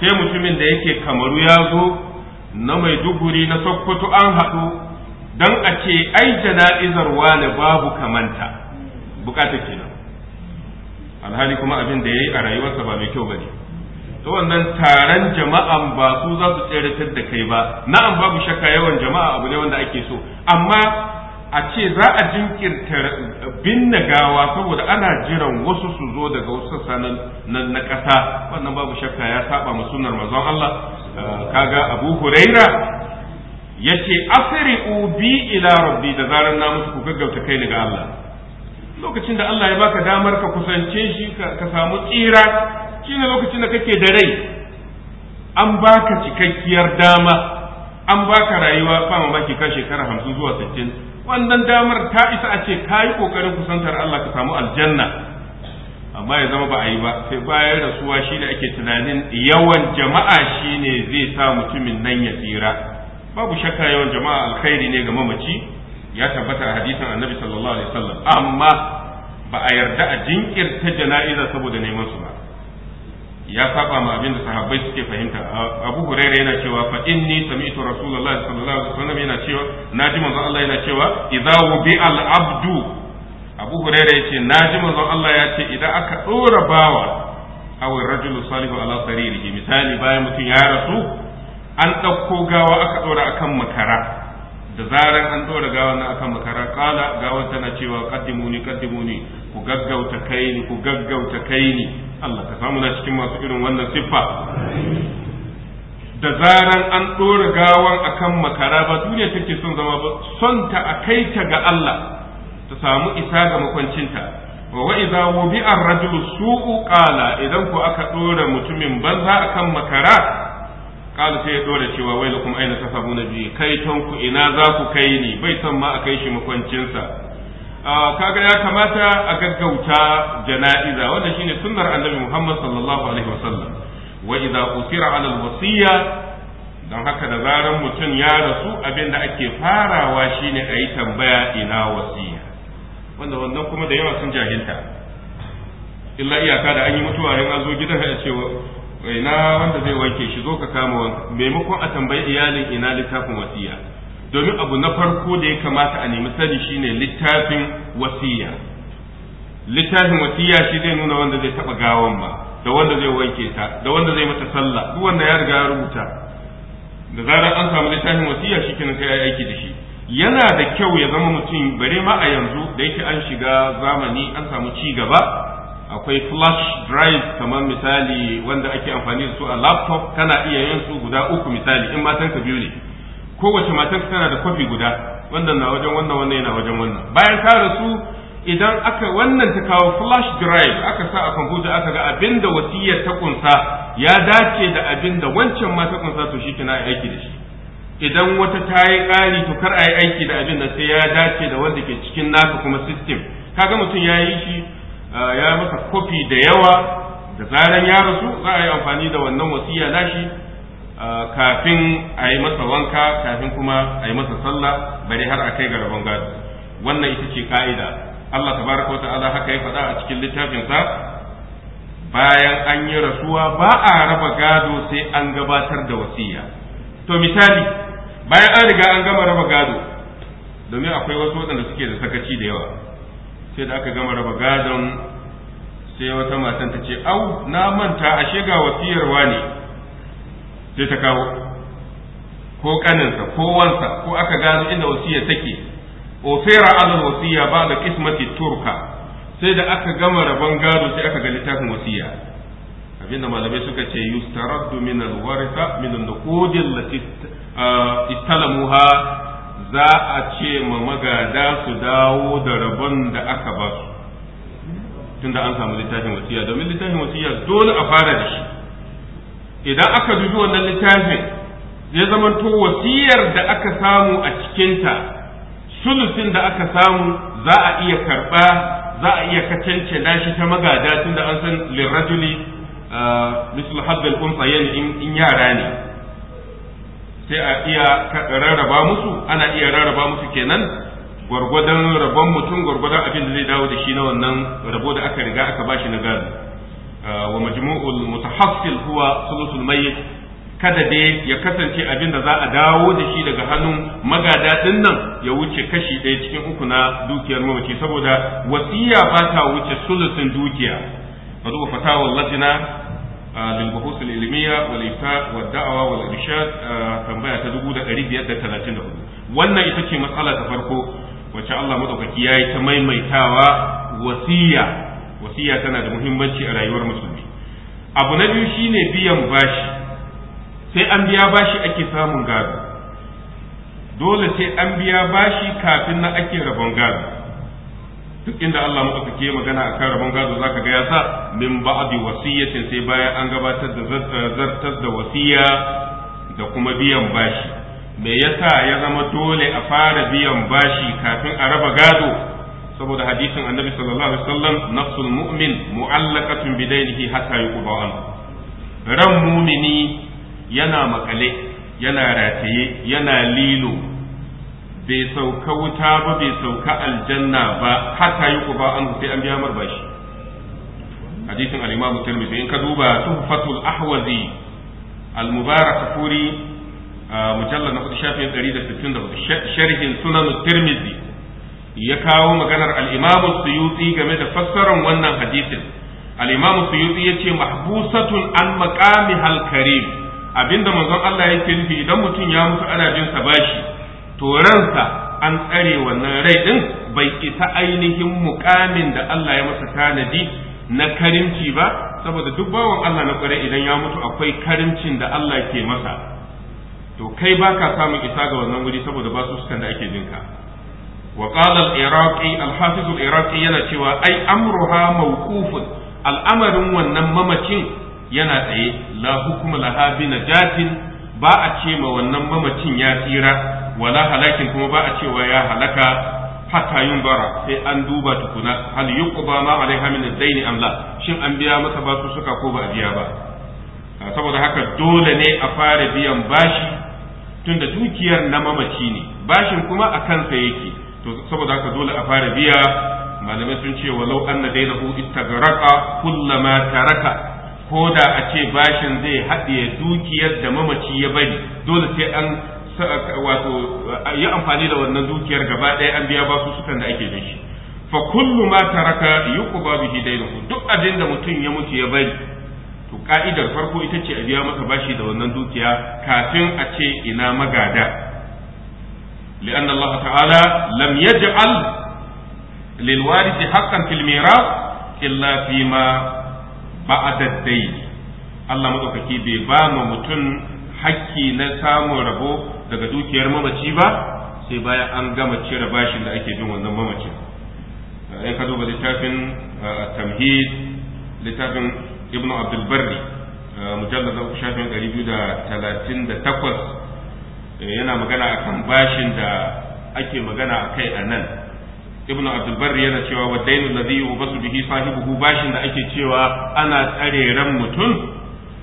sai mutumin da yake kamaru ya zo na maiduguri na sokoto an haɗu don a ce ai jana'izar wane babu kamanta bukata kenan alhali kuma abin da ya yi a rayuwarsa ba mai kyau ba ne to wannan taron jama'an ba su za su tseratar da kai ba na'am babu shakka yawan jama'a abu ne wanda ake so amma a ce za a jinkirta binne gawa saboda ana jiran wasu su zo daga wasu sassa na ƙasa wannan babu shakka ya saba ma sunnar manzon Allah uh, kaga Abu Huraira yace asri ubi ila rabbi da zaran na mutu ku gaggauta kai ni ga Allah lokacin da Allah ya baka damar ka kusance shi ka samu tsira shine lokacin da kake da rai an baka cikakkiyar dama an baka rayuwa ba mamaki ka shekara hamsin zuwa sittin wannan damar ta isa a ce ka yi ƙoƙarin kusantar Allah ka samu aljanna amma ya zama ba a yi ba sai bayan rasuwa shi da ake tunanin yawan jama'a shi ne zai sa mutumin nan ya tsira babu shakka yawan jama'a alkhairi ne ga mamaci ya tabbata a hadisin annabi sallallahu alaihi wasallam amma ba a yarda a jinkirta jana'iza saboda neman su ba ya saba ma abin da sahabbai suke fahimta abu huraira yana cewa fa inni sami'tu rasulullahi sallallahu alaihi wasallam yana cewa naji manzo Allah yana cewa idza wubi al abdu abu huraira yace naji manzo Allah ya ce idan aka dora bawa aw rajulu salihu ala saririhi misali bayan mutum ya rasu an dauko gawa aka dora akan makara da zaran an dora gawa na akan makara kala gawar tana cewa qaddimuni qaddimuni ku gaggauta kai ni ku gaggauta kai ni Allah ka samu na cikin masu irin wannan siffa da zaran an dora gawan akan makara ba duniya take son zama ba son ta a kai ta ga Allah ta samu isa ga makwancinta wa wa idza wubi ar-rajulu su'u qala idan ku aka dora mutumin banza akan makara kala sai ya dora cewa wai lakum aina tasabuna bi kai tanku ina za ku kai ni bai san ma a kai shi makwancinsa ah, kaga ya kamata a gaggauta jana'iza wanda shine sunnar annabi Muhammad sallallahu alaihi wasallam wa idza usira ala alwasiya dan haka da zaran mutum ya rasu abinda ake farawa shine yi tambaya ina wasiya wanda wannan kuma da yawa sun jahilta illa iyaka da an yi mutuwa in an zo gidan ya ce ina wanda zai wanke shi zo ka kama wanka. maimakon a tambayi iyalin ina littafin wasiya domin abu na farko da ya kamata a nemi sani shine littafin wasiya littafin wasiya shi zai nuna wanda zai taba gawan ma da wanda zai wanke ta da wanda zai mata sallah duk wanda ya riga ya rubuta da zarar an samu littafin wasiya shi kenan sai ya aiki da shi yana da kyau ya zama mutum bare ma a yanzu da yake an shiga zamani an samu ci gaba akwai flash drive kamar misali wanda ake amfani da su a laptop kana iya yin su guda uku misali in matan ka biyu ne kowace ka tana da kwafi guda wannan na wajen wannan wannan yana wajen wannan bayan ka rasu idan aka wannan ta kawo flash drive aka sa a kwamfuta aka ga abin da wasiyar ta kunsa ya dace da abin da wancan ma ta kunsa to shi kina aiki da shi idan wata ta yi ƙari to kar a yi aiki da abin da sai ya dace da wanda ke cikin naka kuma system kaga mutum ya yi shi ya masa kofi da yawa da zaran ya rasu za a yi amfani da wannan wasiya nashi kafin a yi masa wanka kafin kuma a yi masa sallah bare har a kai ga rabon gado wannan ita ce ka'ida Allah tabaraka wata'ala haka ya faɗa a cikin littafinsa bayan an yi rasuwa ba a raba gado sai an gabatar da wasiya to misali bayan an riga an gama raba gado domin akwai wasu waɗanda suke da sakaci da yawa sai da aka gama raba gadon sai wata matan ta ce au na manta ashe ga wasiyarwa ne sai ta kawo ko kaninsa ko wansa ko aka gano inda wasiya take ofera alal wasiya ba da kismati turka sai da aka gama rabon gado sai aka ga littafin wasiya abinda malamai suka ce yustaraddu min alwaritha min an-nuqud allati ah, istalamuha za a ce ma magada su dawo da rabon da aka ba su tunda an samu littafin wasiya domin littafin wasiya dole a fara da shi idan aka dubi wannan littafin zai zamanto wasiyar da aka samu a cikinta sulusin da aka samu za a iya karɓa za a iya kacance shi ta magada tunda an san lirajuli ah, misal haddal unsayen in yara ne sai a iya rarraba musu ana iya rarraba musu kenan gwargwadon rabon mutum gwargwadon abin da zai dawo da shi na wannan rabo da aka riga aka bashi na gado ah, wa majmu'ul mutahaffil huwa sulusul mayyit kada dai ya kasance abin da za a dawo da shi daga hannun magada din nan ya wuce kashi ɗaya cikin uku na dukiyar mamaci saboda wasiya ba ta wuce sulusin dukiya ba zuwa fatawar latina للبحوث العلمية والإفتاء والدعوة والإرشاد تنبيه تدبو دا قريب يد تلاتين دهو وانا يتكي مسألة تفرقو وإن الله مدوكك ياي تميم ميتاوى وسيا وسيا تنا مهمة شيء على يور مسلمي أبو نبي biyu shine biyan سي أنبياء باشي أكي سامن ake دولة سي أنبياء باشي كافينا أكي bashi kafin duk inda Allah muka ke magana a akan rabon gado zaka ga ya sa min ba'di wasiyatin sai bayan an gabatar da eh, zartar da wasiya da kuma biyan bashi me yasa ya zama dole a fara biyan bashi kafin a raba gado saboda hadisin annabi sallallahu alaihi wasallam nafsul mu'min mu'allaqatun bidainihi hatta yuqda an ran mumini yana makale yana rataye yana lilo bai sauka wuta ba bai sauka aljanna ba hatta yi ku ba an sai an biya mar bashi hadisin al-imamu tirmidhi in ka duba tuhfatul ahwazi al-mubarak furi mujallad na hudu shafin 164 sharhin sunan tirmidhi ya kawo maganar al-imamu suyuti game da fassarar wannan hadisin al-imamu suyuti yace mahbusatun an maqami hal karim abinda manzon Allah yake nufi idan mutum ya mutu ana jin sa bashi to an tsare wannan rai ɗin bai isa ainihin mukamin da Allah ya masa tanadi na karimci ba saboda duk bawan Allah na kware idan ya mutu akwai karimcin da Allah ke masa to kai baka samun isa ga wannan wuri saboda ba su sukan da ake jinka wa qala al-iraqi al-hafiz al-iraqi yana cewa ai amruha mawqufun al'amarin wannan mamacin yana tsaye la hukuma laha bi najatin ba a ce ma wannan mamacin ya tsira wala halakin kuma ba a cewa ya halaka hatta yin bara sai an duba tukuna hal yuqba ma alaiha min ad-dayn am la shin an biya masa ba su suka ko ba a biya ba ah, saboda haka dole ne a fara biyan bashi tunda dukiyar na mamaci ne bashin kuma a kansa yake to saboda haka dole a fara biya malamai sun ce walau anna dainahu ittagraqa kullama taraka ko da a ce bashin zai haɗiye dukiyar da mamaci ya bari dole sai an wato yi amfani da wannan dukiyar gaba ɗaya an biya su sukan da ake da shi fa kullu ma taraka yuqba bihi daynuhu duk abin da mutum ya mutu ya bari to ka'idar farko ita ce a biya masa bashi da wannan dukiya kafin a ce ina magada لأن الله تعالى لم يجعل للوارث حقا في الميراث إلا فيما بعد الدين Allah maɗaukaki bai ba mu mutum hakki na samun rabo daga dukiyar mamaci ba sai bayan an gama cire bashin da ake bin wannan mamacin eh, in ka duba littafin eh, tamhid littafin ibn abdul barri eh, mujallar na shafin ɗari yana magana akan bashin da ake magana a kai a nan ibn abdul barri yana cewa wa dainu ladhi yubasu bihi sahibuhu bashin da ake cewa ana tsare ran mutum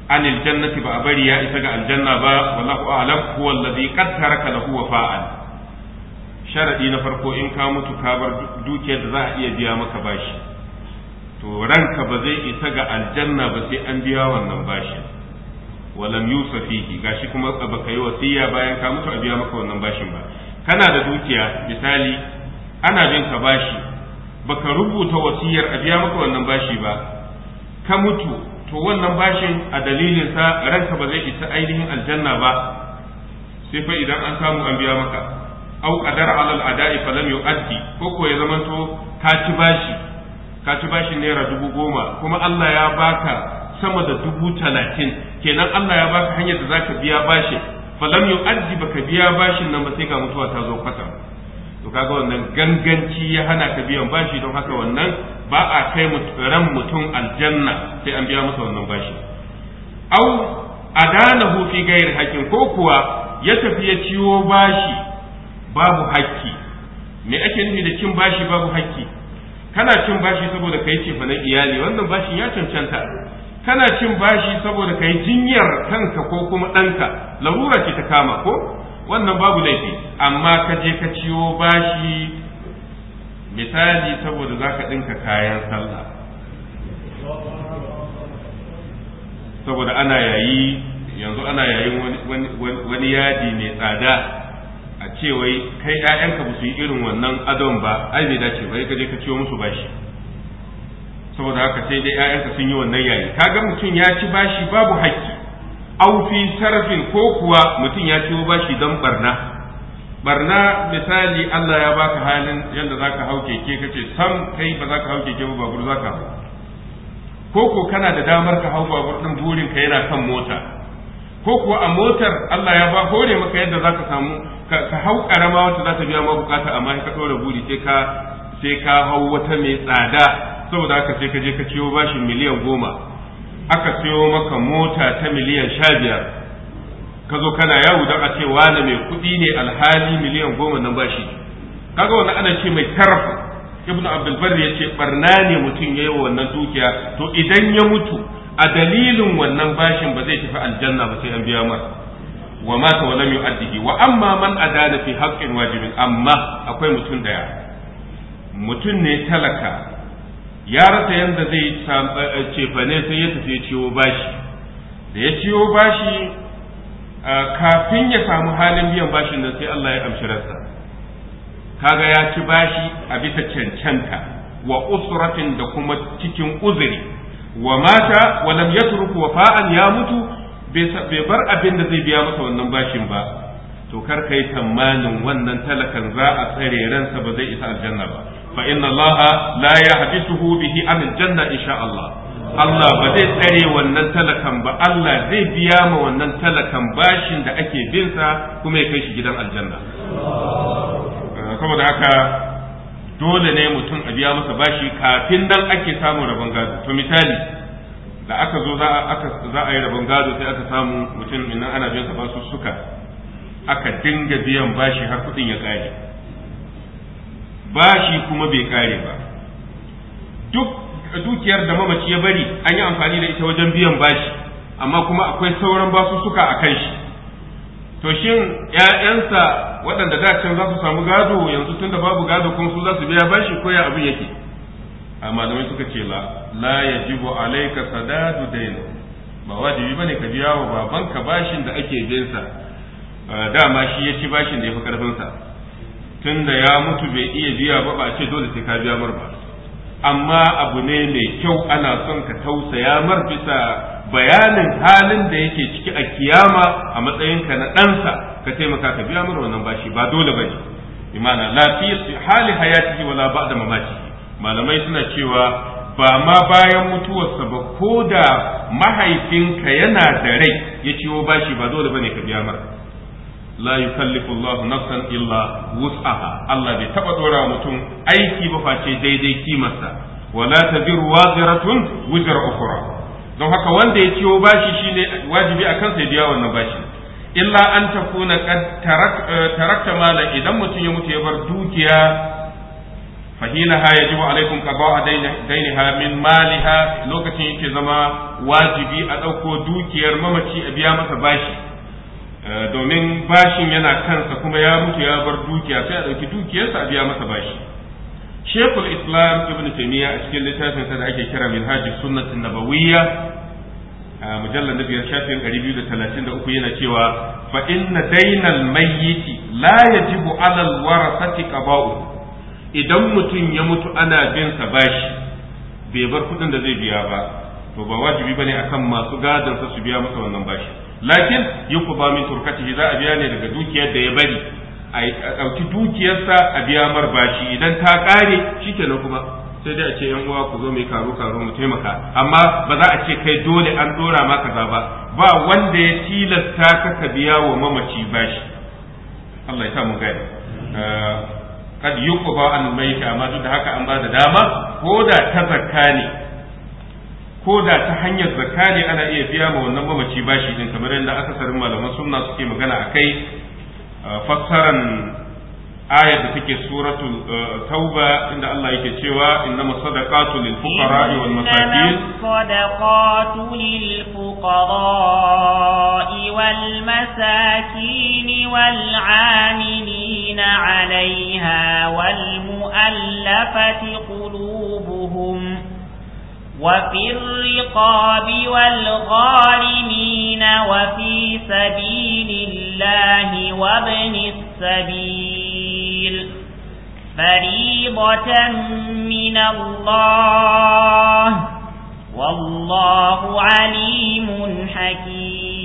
عن الجنة ba يا إسجع الجنة با والله أعلم هو الذي قد ترك له وفاء sharaɗi na farko in ka mutu ka bar dukiyar da za a iya biya maka bashi to ranka ba zai isa ga aljanna ba sai an biya wannan bashi walam yusa fihi gashi kuma baka yi wasiya bayan ka mutu a biya maka wannan bashin ba kana da dukiya misali ana bin ka bashi baka rubuta wasiyar a biya maka wannan bashi ba ka mutu to wannan bashin a dalilin sa ranka ba zai isa ainihin aljanna ba sai fa idan an samu an biya maka au qadar al ada'i lam yu'addi ko ko ya zamanto ka ci bashi ka ci bashi naira dubu goma kuma Allah ya baka sama da dubu talatin kenan Allah ya baka hanyar da zaka biya bashi lam yu'addi baka biya bashin nan ba sai ga mutuwa ta zo kwata to kaga wannan ganganci ya hana ka biyan bashi don haka wannan ba a kai ran mutum aljanna sai an biya masa wannan bashi au adanahu fi gairi hakkin ko kuwa ya tafi ya ciwo bashi babu hakki me ake nufi da cin bashi babu hakki kana cin bashi saboda kai ce na iyali wannan bashin ya cancanta kana cin bashi saboda kai jinyar kanka ko kuma ɗanka larura ce ta kama ko wannan babu laifi amma ka je ka ciwo bashi misali saboda za ka ɗinka kayan sallah saboda ana yayi yanzu ana yayin wani yadi mai tsada a cewai kai 'ya'yanka ba su yi irin wannan adon ba ai bai dace ba ka je ka ciwo musu bashi saboda haka sai dai 'ya'yanka sun yi wannan yayi kaga mutum ya ci bashi babu haƙƙi aufi tarafin, ko kuwa mutum ya ciwo bashi don barna barna misali Allah ya baka halin yadda zaka hauke ke kace sam kai ba zaka hauke ke ba babur zaka hau ko ko kana da damar ka hau babur din burin ka yana kan mota ko kuwa a motar Allah ya ba hore maka yadda zaka samu ka hau karama wata za ta biya ma bukata amma ka ɗora buri sai ka sai ka hau wata mai tsada saboda haka sai ka je ka ciyo bashin miliyan goma aka siyo maka mota ta miliyan sha biyar ka zo kana yawo don a ce wani mai kuɗi ne alhali miliyan goma nan bashi kaga wannan ana ce mai tarfa ibn abdulbar ya ce barna ne mutum ya yi wannan dukiya to idan ya mutu a dalilin wannan bashin ba zai tafi aljanna ba sai an biya mar wa mata ta walam yu'addihi wa amma man adana fi haqqin wajibin amma akwai mutum daya mutum ne talaka ya rasa yanda zai eh, cefane sai ya tafi ciwo bashi da ya ciwo bashi Ah, kafin ya samu halin biyan bashin nan sai Allah ya amshi ransa kaga ya ci bashi a bisa cancanta wa usratin da kuma cikin uzuri wa mata wa lam yatruku wafa'an ya mutu bai bar abin da zai biya masa wannan bashin ba to kar kai tamanin wannan talakan za a tsare ransa ba zai isa aljanna ba fa inna Allah la yahbisuhu bihi an aljanna insha Allah Allah ba zai tsare wannan talakan ba Allah zai biya ma wannan talakan bashin da ake binsa kuma ya kai shi gidan aljanna ah, saboda haka dole ne mutum a biya masa bashi kafin dan ake samu rabon gado to misali da aka zo za a yi rabon gado sai aka samu mutum nan ana biyan sa basu suka aka dinga biyan bashi har kudin ya kare bashi kuma bai kare ba duk dukiyar da mamaci ya bari an yi amfani da ita wajen biyan bashi amma kuma akwai sauran basussuka a kan shi to shin ‘ya'yansa waɗanda da can za su samu gado yanzu tunda babu gado kuma su za su biya bashi ko ya abin yake amma da suka ce la la yajibu alayka sadadu daina? ba wajibi bane ka biya wa babanka bashin da ake bin sa dama shi ya ci bashin da ya fi karfin sa tunda ya mutu bai iya biya ba ba ce dole sai ka biya mar ba amma abu ne mai kyau ana son ka tausaya mar bisa bayanin halin da yake ciki a kiyama a matsayinka na ɗansa ka taimaka ka biya mara wannan bashi ba dole ba ne. imana la fi hali hayatihi wala ba'da mamati malamai suna cewa ba ma bayan mutuwarsa ba ko da mahaifinka yana da rai ya ciwo bashi ba dole ba ne ka biya mara la yukallifu Allahu nafsan illa wus'aha Allah bai taba dora mutum aiki ba face daidai kimarsa wala taziru waziratun wizra ukhra don haka wanda ya ciwo bashi shine wajibi akan sai biya wannan bashi illa an takuna qad eh, tarakta malam idan mutum ya mutu ya bar dukiya ya ji yajibu alaikum qada'a dainiha min maliha lokacin yake zama wajibi a ɗauko dukiyar mamaci a biya masa bashi Eh, domin bashin yana kansa kuma ya mutu ya bar dukiya sai a ɗauki dukiyarsa a biya masa bashi shekul islam ibn taimiyya a cikin littafin sa da ake kira minhajus sunnatin nabawiyya a mujallar na biyar shafin ɗari biyu da talatin da uku yana cewa fa inna dainal mayyiti la yajibu alal warasati qaba'u idan mutum ya mutu ana bin sa bashi bai bar kuɗin da zai biya ba to ba wajibi ba bane akan masu gadon sa su biya masa wannan bashi lakin ba min turkatihi za a biya ne daga dukiyar da ya bari a ɗauki dukiyarsa a biya mar bashi idan ta ƙare shikenan kuma sai dai a ce yan uwa ku zo mai karo karo mu taimaka amma ba za a ce kai dole an dora ma kaza ba ba wanda ya tilasta ka ka biya wa mamaci bashi Allah ya sa mu gani eh, kad yuqba an maita amma duk da haka an ba da dama ko da ta zakka ne ko da ta hanyar zakka ne ana iya biya ma wannan mamaci bashi din kamar yadda akasarin malaman sunna suke magana akai fassaran ayar da take suratul tauba inda Allah yake cewa innama sadaqatu lil fuqara wal masakin sadaqatu lil fuqara wal masakin wal amilina 'alayha wal mu'allafati qulubuhum وفي الرقاب والغارمين وفي سبيل الله وابن السبيل فريضة من الله والله عليم حكيم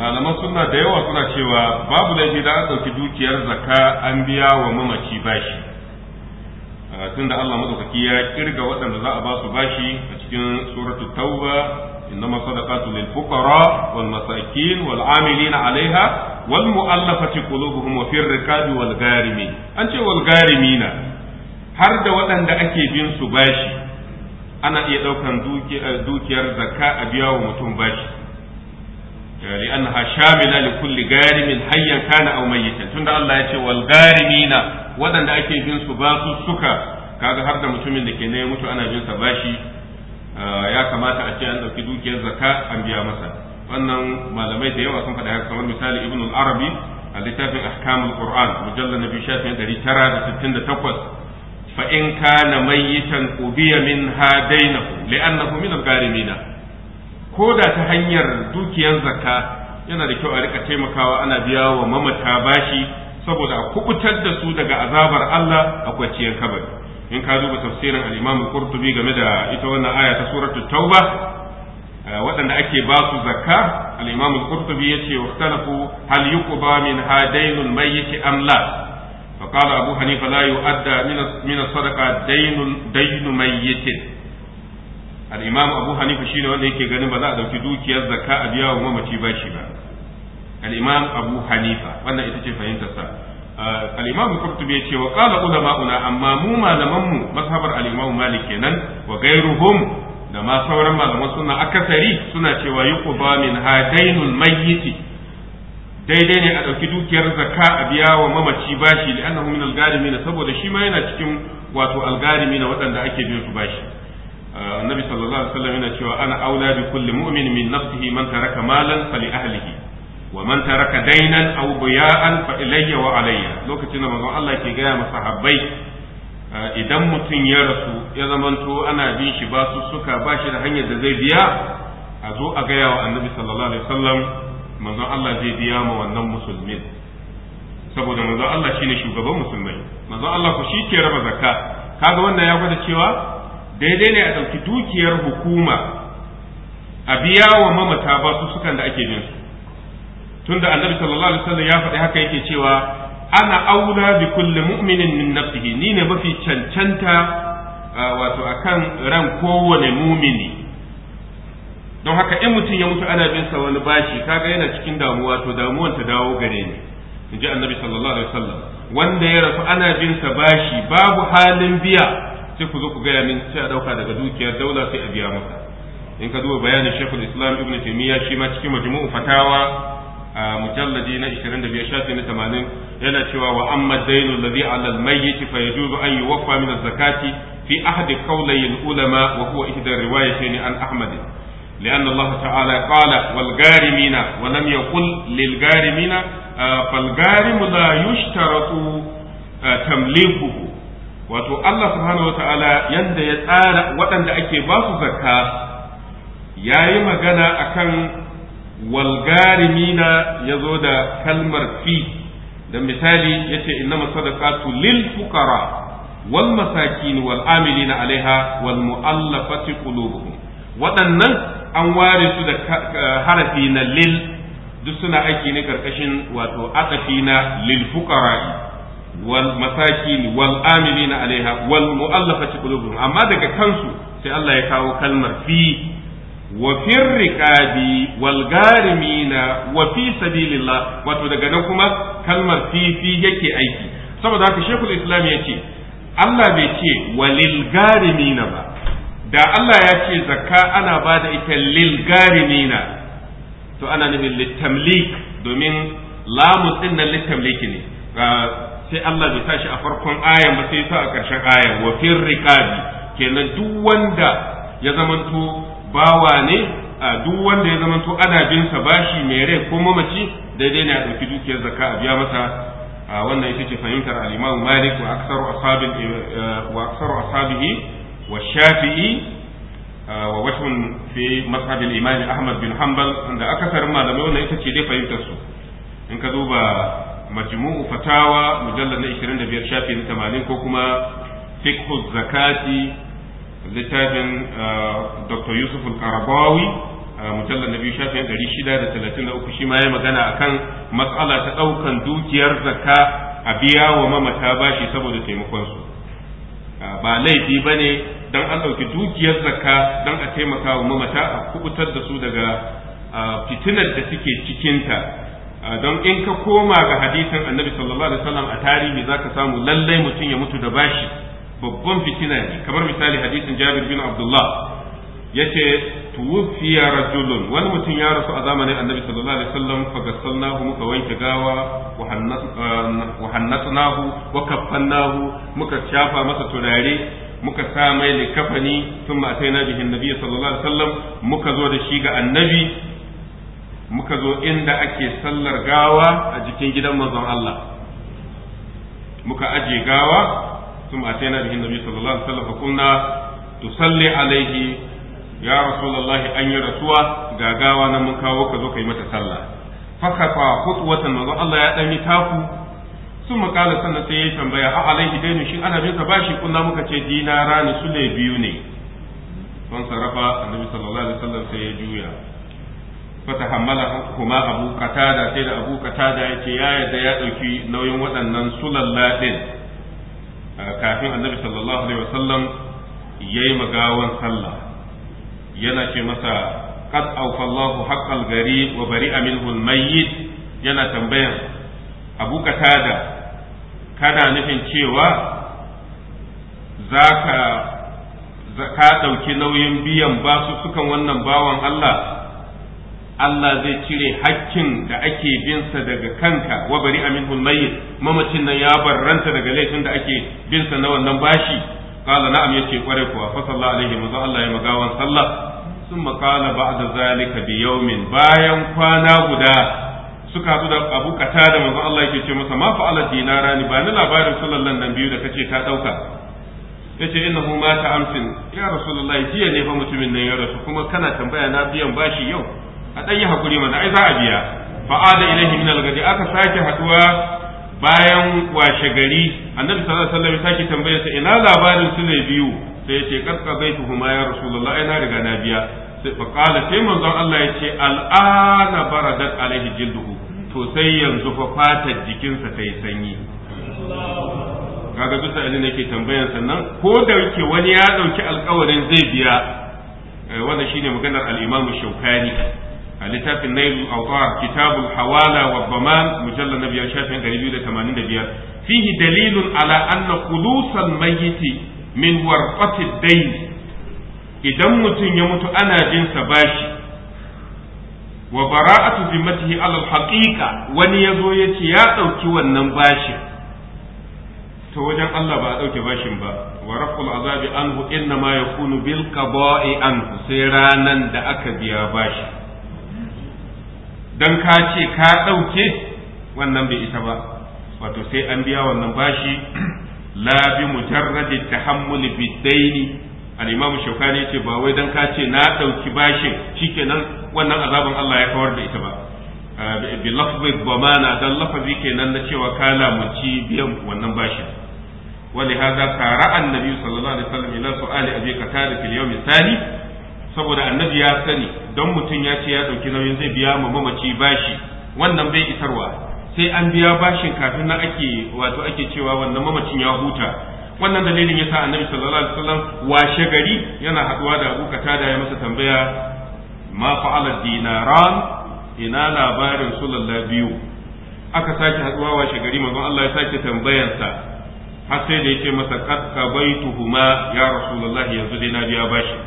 malaman suna da yawa suna cewa babu laifi da an ɗauki dukiyar zaka an biya wa mamaci bashi Ah, tunda Allah madaukaki ya kirga waɗanda za a ba su bashi a cikin suratu tauba إنما الصدقات للفقراء والمساكين wa عليها والمؤلفة قلوبهم وفي An ce أنت والغارمين har da waɗanda ake bin su bashi ana iya ɗaukar eh, dukiyar zakka a biya wa mutum bashi eh, li'annaha shamila li kulli garimin hayyan kana aw mayyitan tunda Allah ya ce wal garimina waɗanda ake bin su ba su suka kaga har da mutumin da ke ne mutu ana bin sa bashi ya kamata a ce an ɗauki dukiyar zaka an biya masa wannan malamai da yawa sun faɗa haka kamar misali ibn al-arabi a littafin ahkamul qur'an mujallal nabi shafin 968 فإن كان ميتا أبي منها دينه لأنه Ko da ta hanyar zakka yana da kyau a rika taimakawa ana biya wa mamata bashi saboda a kubutar da su daga azabar Allah a kwaciyar kabari in ka duba tafsirin al-Imam Qurtubi game da ita wannan aya ta suratul Tauba eh, waɗanda ake ba su zakka al-Imam Qurtubi yace waqtalafu hal yuqba min hadainul mayyit am la فقال أبو حنيفة لا يؤدى من من الصدقة دين دين ميت الإمام أبو حنيفة شيء وأن ba. al-imam abu hanifa wannan ita ce fahimtarsa uh, al-imam qurtubi ya ce wa qala ulama'una amma mu malaman mu mazhabar al-imam malik kenan wa gairuhum da ma sauran malaman sunna akasari suna cewa yuqba min hadainul mayyiti daidai ne a ɗauki dukiyar zakka a biya wa mamaci bashi da annahu min al-ghalimi saboda shi ma yana cikin wato al-ghalimi na waɗanda ake biyan su bashi النبي صلى الله عليه وسلم يقول أنا أولى بكل مؤمن من نفسه من ترك مالا ahlihi. wa man taraka dainan aw biya'an fa ilayya wa alayya lokacin da manzon Allah ke gaya ma eh, idan mutum ya rasu ya zamanto ana bin shi ba su suka ba shi da hanyar da zai biya a zo a gaya wa annabi sallallahu alaihi wasallam manzon Allah zai biya ma wannan musulmin saboda manzon Allah shine shugaban musulmai manzon Allah ko shi ke raba zakka kaga wannan ya gwada cewa daidai ne a dauki dukiyar hukuma a biya wa mamata ba su sukan da ake bin su tunda annabi sallallahu alaihi wasallam ya faɗi haka yake cewa ana aula bi kulli mu'minin min nafsihi ni ne mafi cancanta wato akan ran kowane mumini don haka in mutum ya mutu ana bin sa wani bashi kaga yana cikin damuwa to damuwan ta dawo gare ni inji annabi sallallahu alaihi wasallam wanda ya rasu ana bin sa bashi babu halin biya sai ku zo ku gaya min sai a dauka daga dukiyar daula sai a biya maka. in ka duba bayanin shekul islam ibnu taymiya shi ma cikin majmu'u fatawa a mujalladi na 25 shafi na 80 yana cewa wa amma dainu alladhi ala al-mayyit fa yajuzu an yuwaffa min az-zakati fi ahadi qawlay al-ulama wa huwa ihda riwayatayn an ahmad لأن الله تعالى قال والغارمين ولم يقل للغارمين فالغارم لا يشترط تمليكه wato Allah subhanahu yadda ya tsara waɗanda ake basu su zakka ya yi magana akan wal garimina yazo da kalmar fi da misali yace innama sadaqatu lil fuqara wal masakin wal amilina alaiha wal mu'allafati qulubuhum waɗannan an ware su da harafi na lil duk suna aiki ne karkashin wato atafi na lil fuqara'i wal masakin wal amilina alaiha wal mu'allafati qulubuhum amma daga kansu sai Allah ya kawo kalmar fi wa fir riqabi wal garimina wa wato daga nan kuma kalmar fifi yake aiki saboda haka shekul islam ya ce Allah bai ce walil garimina ba da Allah ya ce zakka ana ba da ita lil garimina to ana nufin litamlik domin lamus din nan litamliki ne sai Allah bai tashi a farkon ayan ba sai sa a ƙarshen ayan wa fir riqabi kenan duk wanda ya zamanto bawa ne a duk wanda ya zama to ana bin sa bashi mai rai ko mamaci daidai ne a ɗauki dukiyar zakka a biya masa wannan ita ce fahimtar al-Imam Malik wa aktsaru ashabin eh, eh, wa aktsaru ashabihi wa Shafi'i wa wajhun fi mazhab al-Imam Ahmad bin Hanbal wanda akasarin malamai wannan ita ce dai fahimtar su in ka duba majmu'u fatawa mujallal na 25 shafin 80 ko kuma fiqhu zakati littafin ah, dr yusuf karabawi ah, mujallar na biyu shafin shida da talatin da uku shi ma ya magana akan matsala ta ɗaukan dukiyar zakka a biya wa mamata bashi saboda taimakonsu ah, ba laifi ba ne don an ɗauki dukiyar zakka don a taimaka wa mamata a kubutar da su daga fitinar da suke cikinta don in ka koma ga hadisin annabi sallallahu alaihi wasallam a tarihi zaka samu lallai mutum ya mutu da bashi babban fitina ne kamar misali hadisin Jabir bin Abdullah yace tuwfiya rajulun wani mutum ya rasu a zamanin Annabi sallallahu alaihi wasallam fa gassalnahu muka wanke gawa wa hannatnahu wa kaffannahu muka shafa masa turare muka sa mai likafani thumma ataina bihi annabi sallallahu alaihi wasallam muka zo da shi ga annabi muka zo inda ake sallar gawa a jikin gidan manzon Allah muka aje gawa ثم أتينا به النبي صلى الله عليه وسلم فقلنا تصلي عليه يا رسول الله أن يرسوه غاغاوا نمكا وكذو كيمة صلى فخطى خطوة من الله يأتني تاكو ثم قال سنة سيئي تنبيا عليه دين شيء أنا بنت باشي قلنا مكا راني سلي بيوني فانصرف النبي صلى الله عليه وسلم سيجويا فتحملهما أبو قتادة سيد أبو قتادة يا يا يا ɗauki nauyin waɗannan sulalla ɗin kafin annabi sallallahu alaihi wasallam yayi magawan sallah yana ce masa qad awfa Allahu haqqal gari wa bari'a minhu al-mayyit yana tambayan Abu Katada kana nufin cewa zaka ka ɗauki nauyin biyan basu sukan wannan bawan Allah Allah zai cire hakkin da ake binsa daga kanka wa bari amin hulmai mamacin nan ya barranta daga laifin da ake binsa na wannan bashi qala na'am yace kware kuwa fa sallallahu alaihi wa Allah ya magawan sallah sun thumma qala ba'da zalika bi yawmin bayan kwana guda suka haɗu da Abu da manzo Allah yake ce masa ma fa'ala ni ba ni labarin sallallahu nan biyu da kace ta dauka yace innahu mata amsin ya rasulullahi jiya ne fa mutumin nan ya rasu kuma kana tambaya na biyan bashi yau a ɗan yi hakuri mana ai za a biya fa'ada ilaihi min al-gadi aka sake haduwa bayan washe gari annabi sallallahu alaihi wasallam sake tambayar sa ina labarin su ne biyu sai ya ce karka baitu huma ya rasulullah ai na riga na biya sai fa qala sai manzon Allah ya ce al'ana baradat alaihi jilduhu to sai yanzu fa fatar jikinsa ta yi sanyi kaga bisa ne nake tambayan sannan ko da yake wani ya dauki alkawarin zai biya eh, wannan shine maganar al-Imam shaukani a littafin nailul awtar kitabul hawala wa baman mujallar na biyar shafin 285 fihi dalilun ala anna khulusan mayyiti min warfati dai. idan mutum ya mutu ana jin sa bashi wa bara'atu zimmatihi ala haqiqa wani yazo yace ya dauki wannan bashin to wajen Allah ba a dauke bashin ba wa raful azabi anhu inna ma yakunu bil qada'i anhu sai ranan da aka biya bashi don ka ce ka ɗauke wannan bai ita ba wato sai an biya wannan bashi la bi mujarradi tahammuli bidaini al-imamu shaukani ce ba wai dan ka ce na ɗauki bashin shikenan wannan azabin Allah ya kawar da ita ba eh, bi lafzi bamana dan lafazi kenan na cewa ka lamunci biyan wannan bashin ولهذا سارع النبي صلى الله عليه وسلم الى سؤال ابي قتاده في اليوم saboda annabi ya sani don mutum ya ce ya ɗauki nauyin zai biya ma mamaci bashi wannan bai isarwa sai an biya bashin kafin na ake wato ake cewa wannan mamacin ya huta wannan dalilin yasa annabi sallallahu alaihi wasallam washe gari yana haduwa da Abu Qatada ya masa tambaya ma fa'ala dinaran ina labarin sallallahu biyu aka sake haduwa washe gari manzon Allah ya sake tambayarsa har sai da yace masa qad tuhuma ya rasulullahi yanzu dai na biya bashi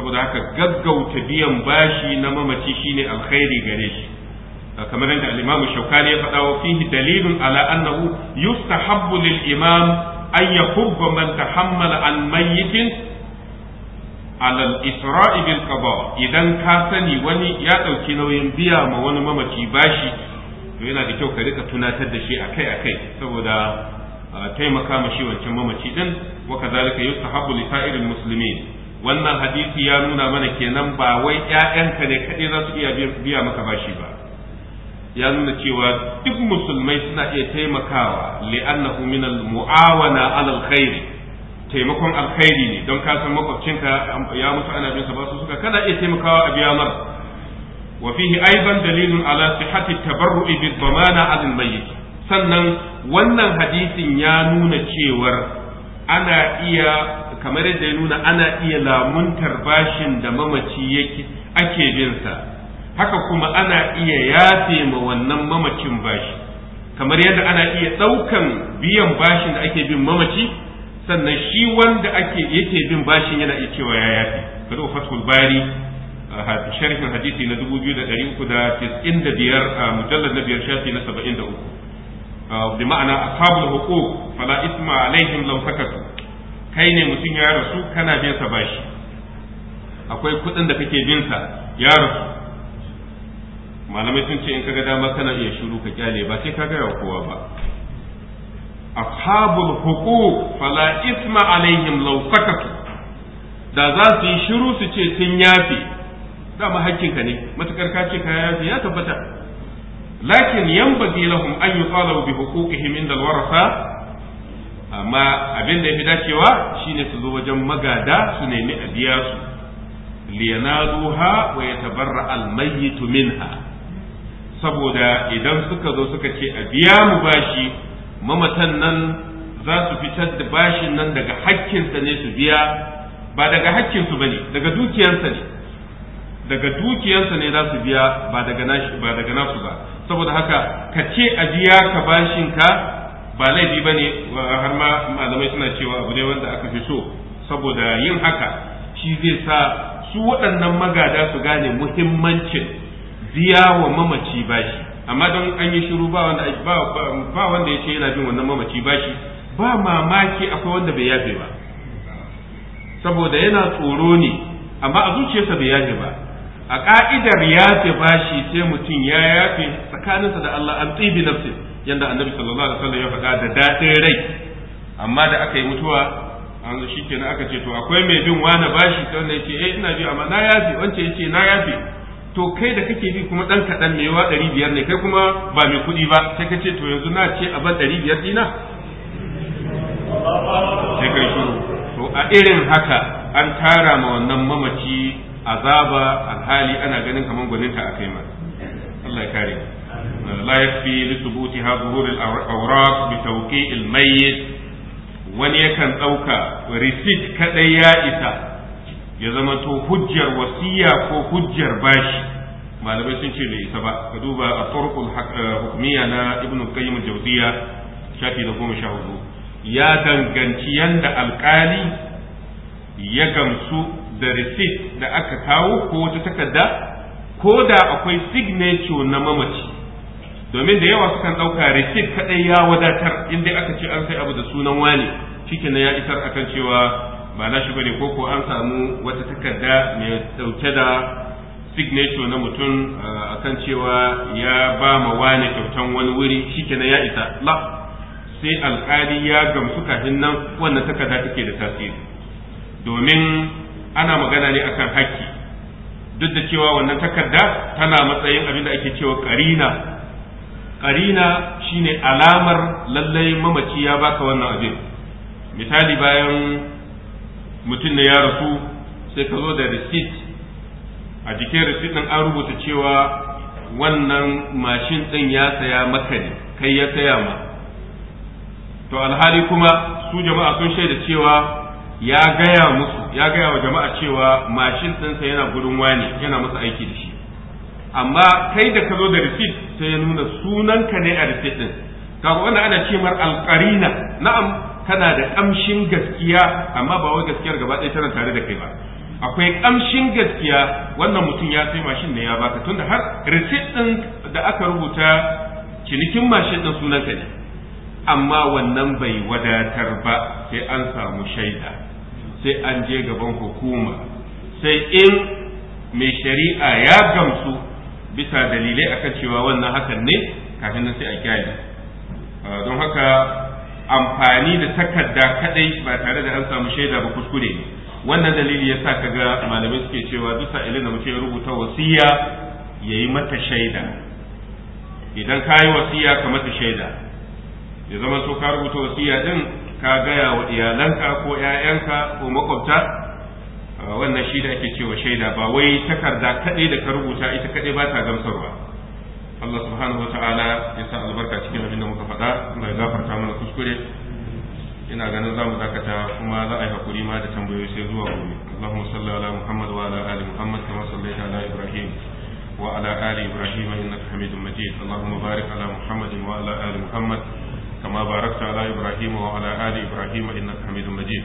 saboda haka gaggauta biyan bashi na mamaci shine alkhairi gare shi kamar yadda al-Imam Shawkani ya faɗa wa fihi dalilun ala annahu yustahabbu lil imam an yakubba man tahammala an mayyitin ala al-isra'i bil qada idan ka sani wani ya dauki nauyin biya ma wani mamaci bashi to yana da kyau ka rika tunatar da shi akai-akai saboda taimaka ma shi wancan mamaci din wa kadhalika yustahabbu li sa'iril muslimin wannan hadisi ya nuna mana kenan ba wai ƴaƴanka ne kaɗai za su iya biya maka bashi ba ya nuna cewa duk musulmai suna iya taimakawa li'annahu min al-mu'awana 'ala al-khair taimakon alkhairi ne don ka san makwabcinka ya mutu ana bin sa ba su suka kana iya taimakawa a biya mara wa fihi aidan dalilun ala sihhati tabarru'i bi dhamana 'ala al-mayyit sannan wannan hadisin ya nuna cewar ana iya kamar yadda ya nuna ana iya lamuntar bashin da mamaci yake ake sa haka kuma ana iya yafe ma wannan mamacin bashi kamar yadda ana iya ɗaukan biyan bashin da ake bin mamaci sannan shi wanda ake yake bin bashin yana iya cewa ya yafe kada fatul bari sharhin hadisi na 2395 a mujallar na biyar shafi na 73 bi ma'ana ashabul huquq fala isma alaihim law sakatu kai ne mutum ya rasu kana bin sa bashi akwai kuɗin da kake bin sa ya rasu malamai sun ce in kaga dama kana iya shiru ka kyale ba sai ka gaya kowa ba ashabul huquq fala isma alaihim law sakatu da za su yi shiru su ce sun yafe dama ka ne matukar ka ce ka yafe ya tabbata lakin yanbaghi lahum an yuqalu bi huquqihim inda al-warasa amma abin da ya fi dacewa shine su zo wajen magada su nemi a biya su liyanaduha wa yatabarra almayyitu minha saboda idan suka zo suka ce a biya mu bashi mamatan nan za su fitar da bashin nan daga hakkinsa ne su biya ba daga hakkinsu bane daga dukiyarsa ne daga dukiyarsa ne za su biya ba daga nasu ba saboda haka ka ce a biya ka bashinka ba laifi ba ne har ma malamai suna cewa abu ne wanda aka fi so saboda yin haka shi zai sa su waɗannan magada su gane muhimmancin biya wa mamaci bashi amma don an yi shiru ba wanda ba wanda ya ce yana bin wannan mamaci bashi ba mamaki akwai wanda bai yafe ba saboda yana tsoro ne amma a zuciyarsa bai yafe ba a ka'idar yafe bashi sai mutum ya yafe tsakaninsa da Allah an tsibi nafsin yanda annabi sallallahu alaihi wasallam ya faɗa da daɗin rai amma da aka yi mutuwa an shi kenan aka ce to akwai mai bin wani bashi ta wanda yake eh ina bi amma na yafe wance yace na yafe to kai da kake bi kuma dan kaɗan ne yawa ɗari biyar ne kai kuma ba mai kuɗi ba sai ka ce to yanzu na ce a ban ɗari biyar dina sai kai shiru to a irin haka an tara ma wannan mamaci azaba alhali ana ganin kamar gwaninta a kai ma Allah ya kare la yakfi li thubutiha zuhur al-awraq wani yakan ɗauka receipt kadai ya isa ya zama to hujjar wasiya ko hujjar bashi malamai sun ce bai isa ba ka duba a turkul hukumiya na Ibn qayyim al shafi da goma sha hudu ya danganci yanda alkali ya gamsu da receipt da aka kawo ko wata takarda ko da akwai signature na mamaci domin da yawa sukan ɗauka rikid kaɗai ya wadatar in dai aka ce an sai abu da sunan wani na ya isar akan cewa ba na shi bane ko ko an samu wata takarda mai ɗauke da signature na mutum akan cewa ya ba ma wani kyautan wani wuri na ya isa la sai alƙali ya gamsu kafin nan wannan takarda take da tasiri domin ana magana ne akan hakki duk da cewa wannan takarda tana matsayin abin da ake cewa karina karina shine alamar lallai mamaci ya baka wannan abin misali bayan mutum ne ya rasu sai ka zo da receipt a jikin receipt din an rubuta cewa wannan mashin din ya saya maka ne kai ya saya ma to alhali kuma su jama'a sun shaida cewa ya gaya musu ya gaya wa jama'a cewa mashin ɗinsa yana gurin wani yana masa aiki da shi amma kai da ka zo da receipt sai ya nuna sunanka ne a rufe din kaga wannan ana ce mar alqarina na'am kana da ƙamshin gaskiya amma ba wai gaskiyar gaba ɗaya tana tare da kai ba akwai ƙamshin gaskiya wannan mutum ya sai mashin ne ya baka tunda har receipt ɗin da aka rubuta cinikin mashin ɗin sunanka ne amma wannan bai wadatar ba sai an samu shaida sai an je gaban hukuma sai in mai shari'a ya gamsu bisa dalilai akan cewa wannan hakan ne kafin na sai a kyale ah, don haka amfani da takarda kadai ba tare da an samu shaida ba kuskure ne wannan dalili ya sa kaga malamai suke cewa duk sa'ilin da mutum ya rubuta wasiya ya yi mata shaida idan ka yi wasiya ka mata shaida ya zama so ka rubuta wasiya din ka gaya wa iyalanka ko 'ya'yanka ko makwabta wannan shi da ake cewa shaida ba wai takarda kadai da ka rubuta ita kadai ba ta gamsarwa Allah subhanahu wata'ala ya sa albarka cikin abin da muka faɗa Allah ya gafarta mana kuskure ina ganin za mu dakata kuma za a yi hakuri ma da tambayoyi sai zuwa gobe Allahumma salli ala Muhammad wa ala ali Muhammad kama sallaita ala Ibrahim wa ala ali Ibrahim innaka Hamidum Majid Allahumma barik ala Muhammad wa ala ali Muhammad kama barakta ala Ibrahim wa ala ali Ibrahim innaka Hamidum Majid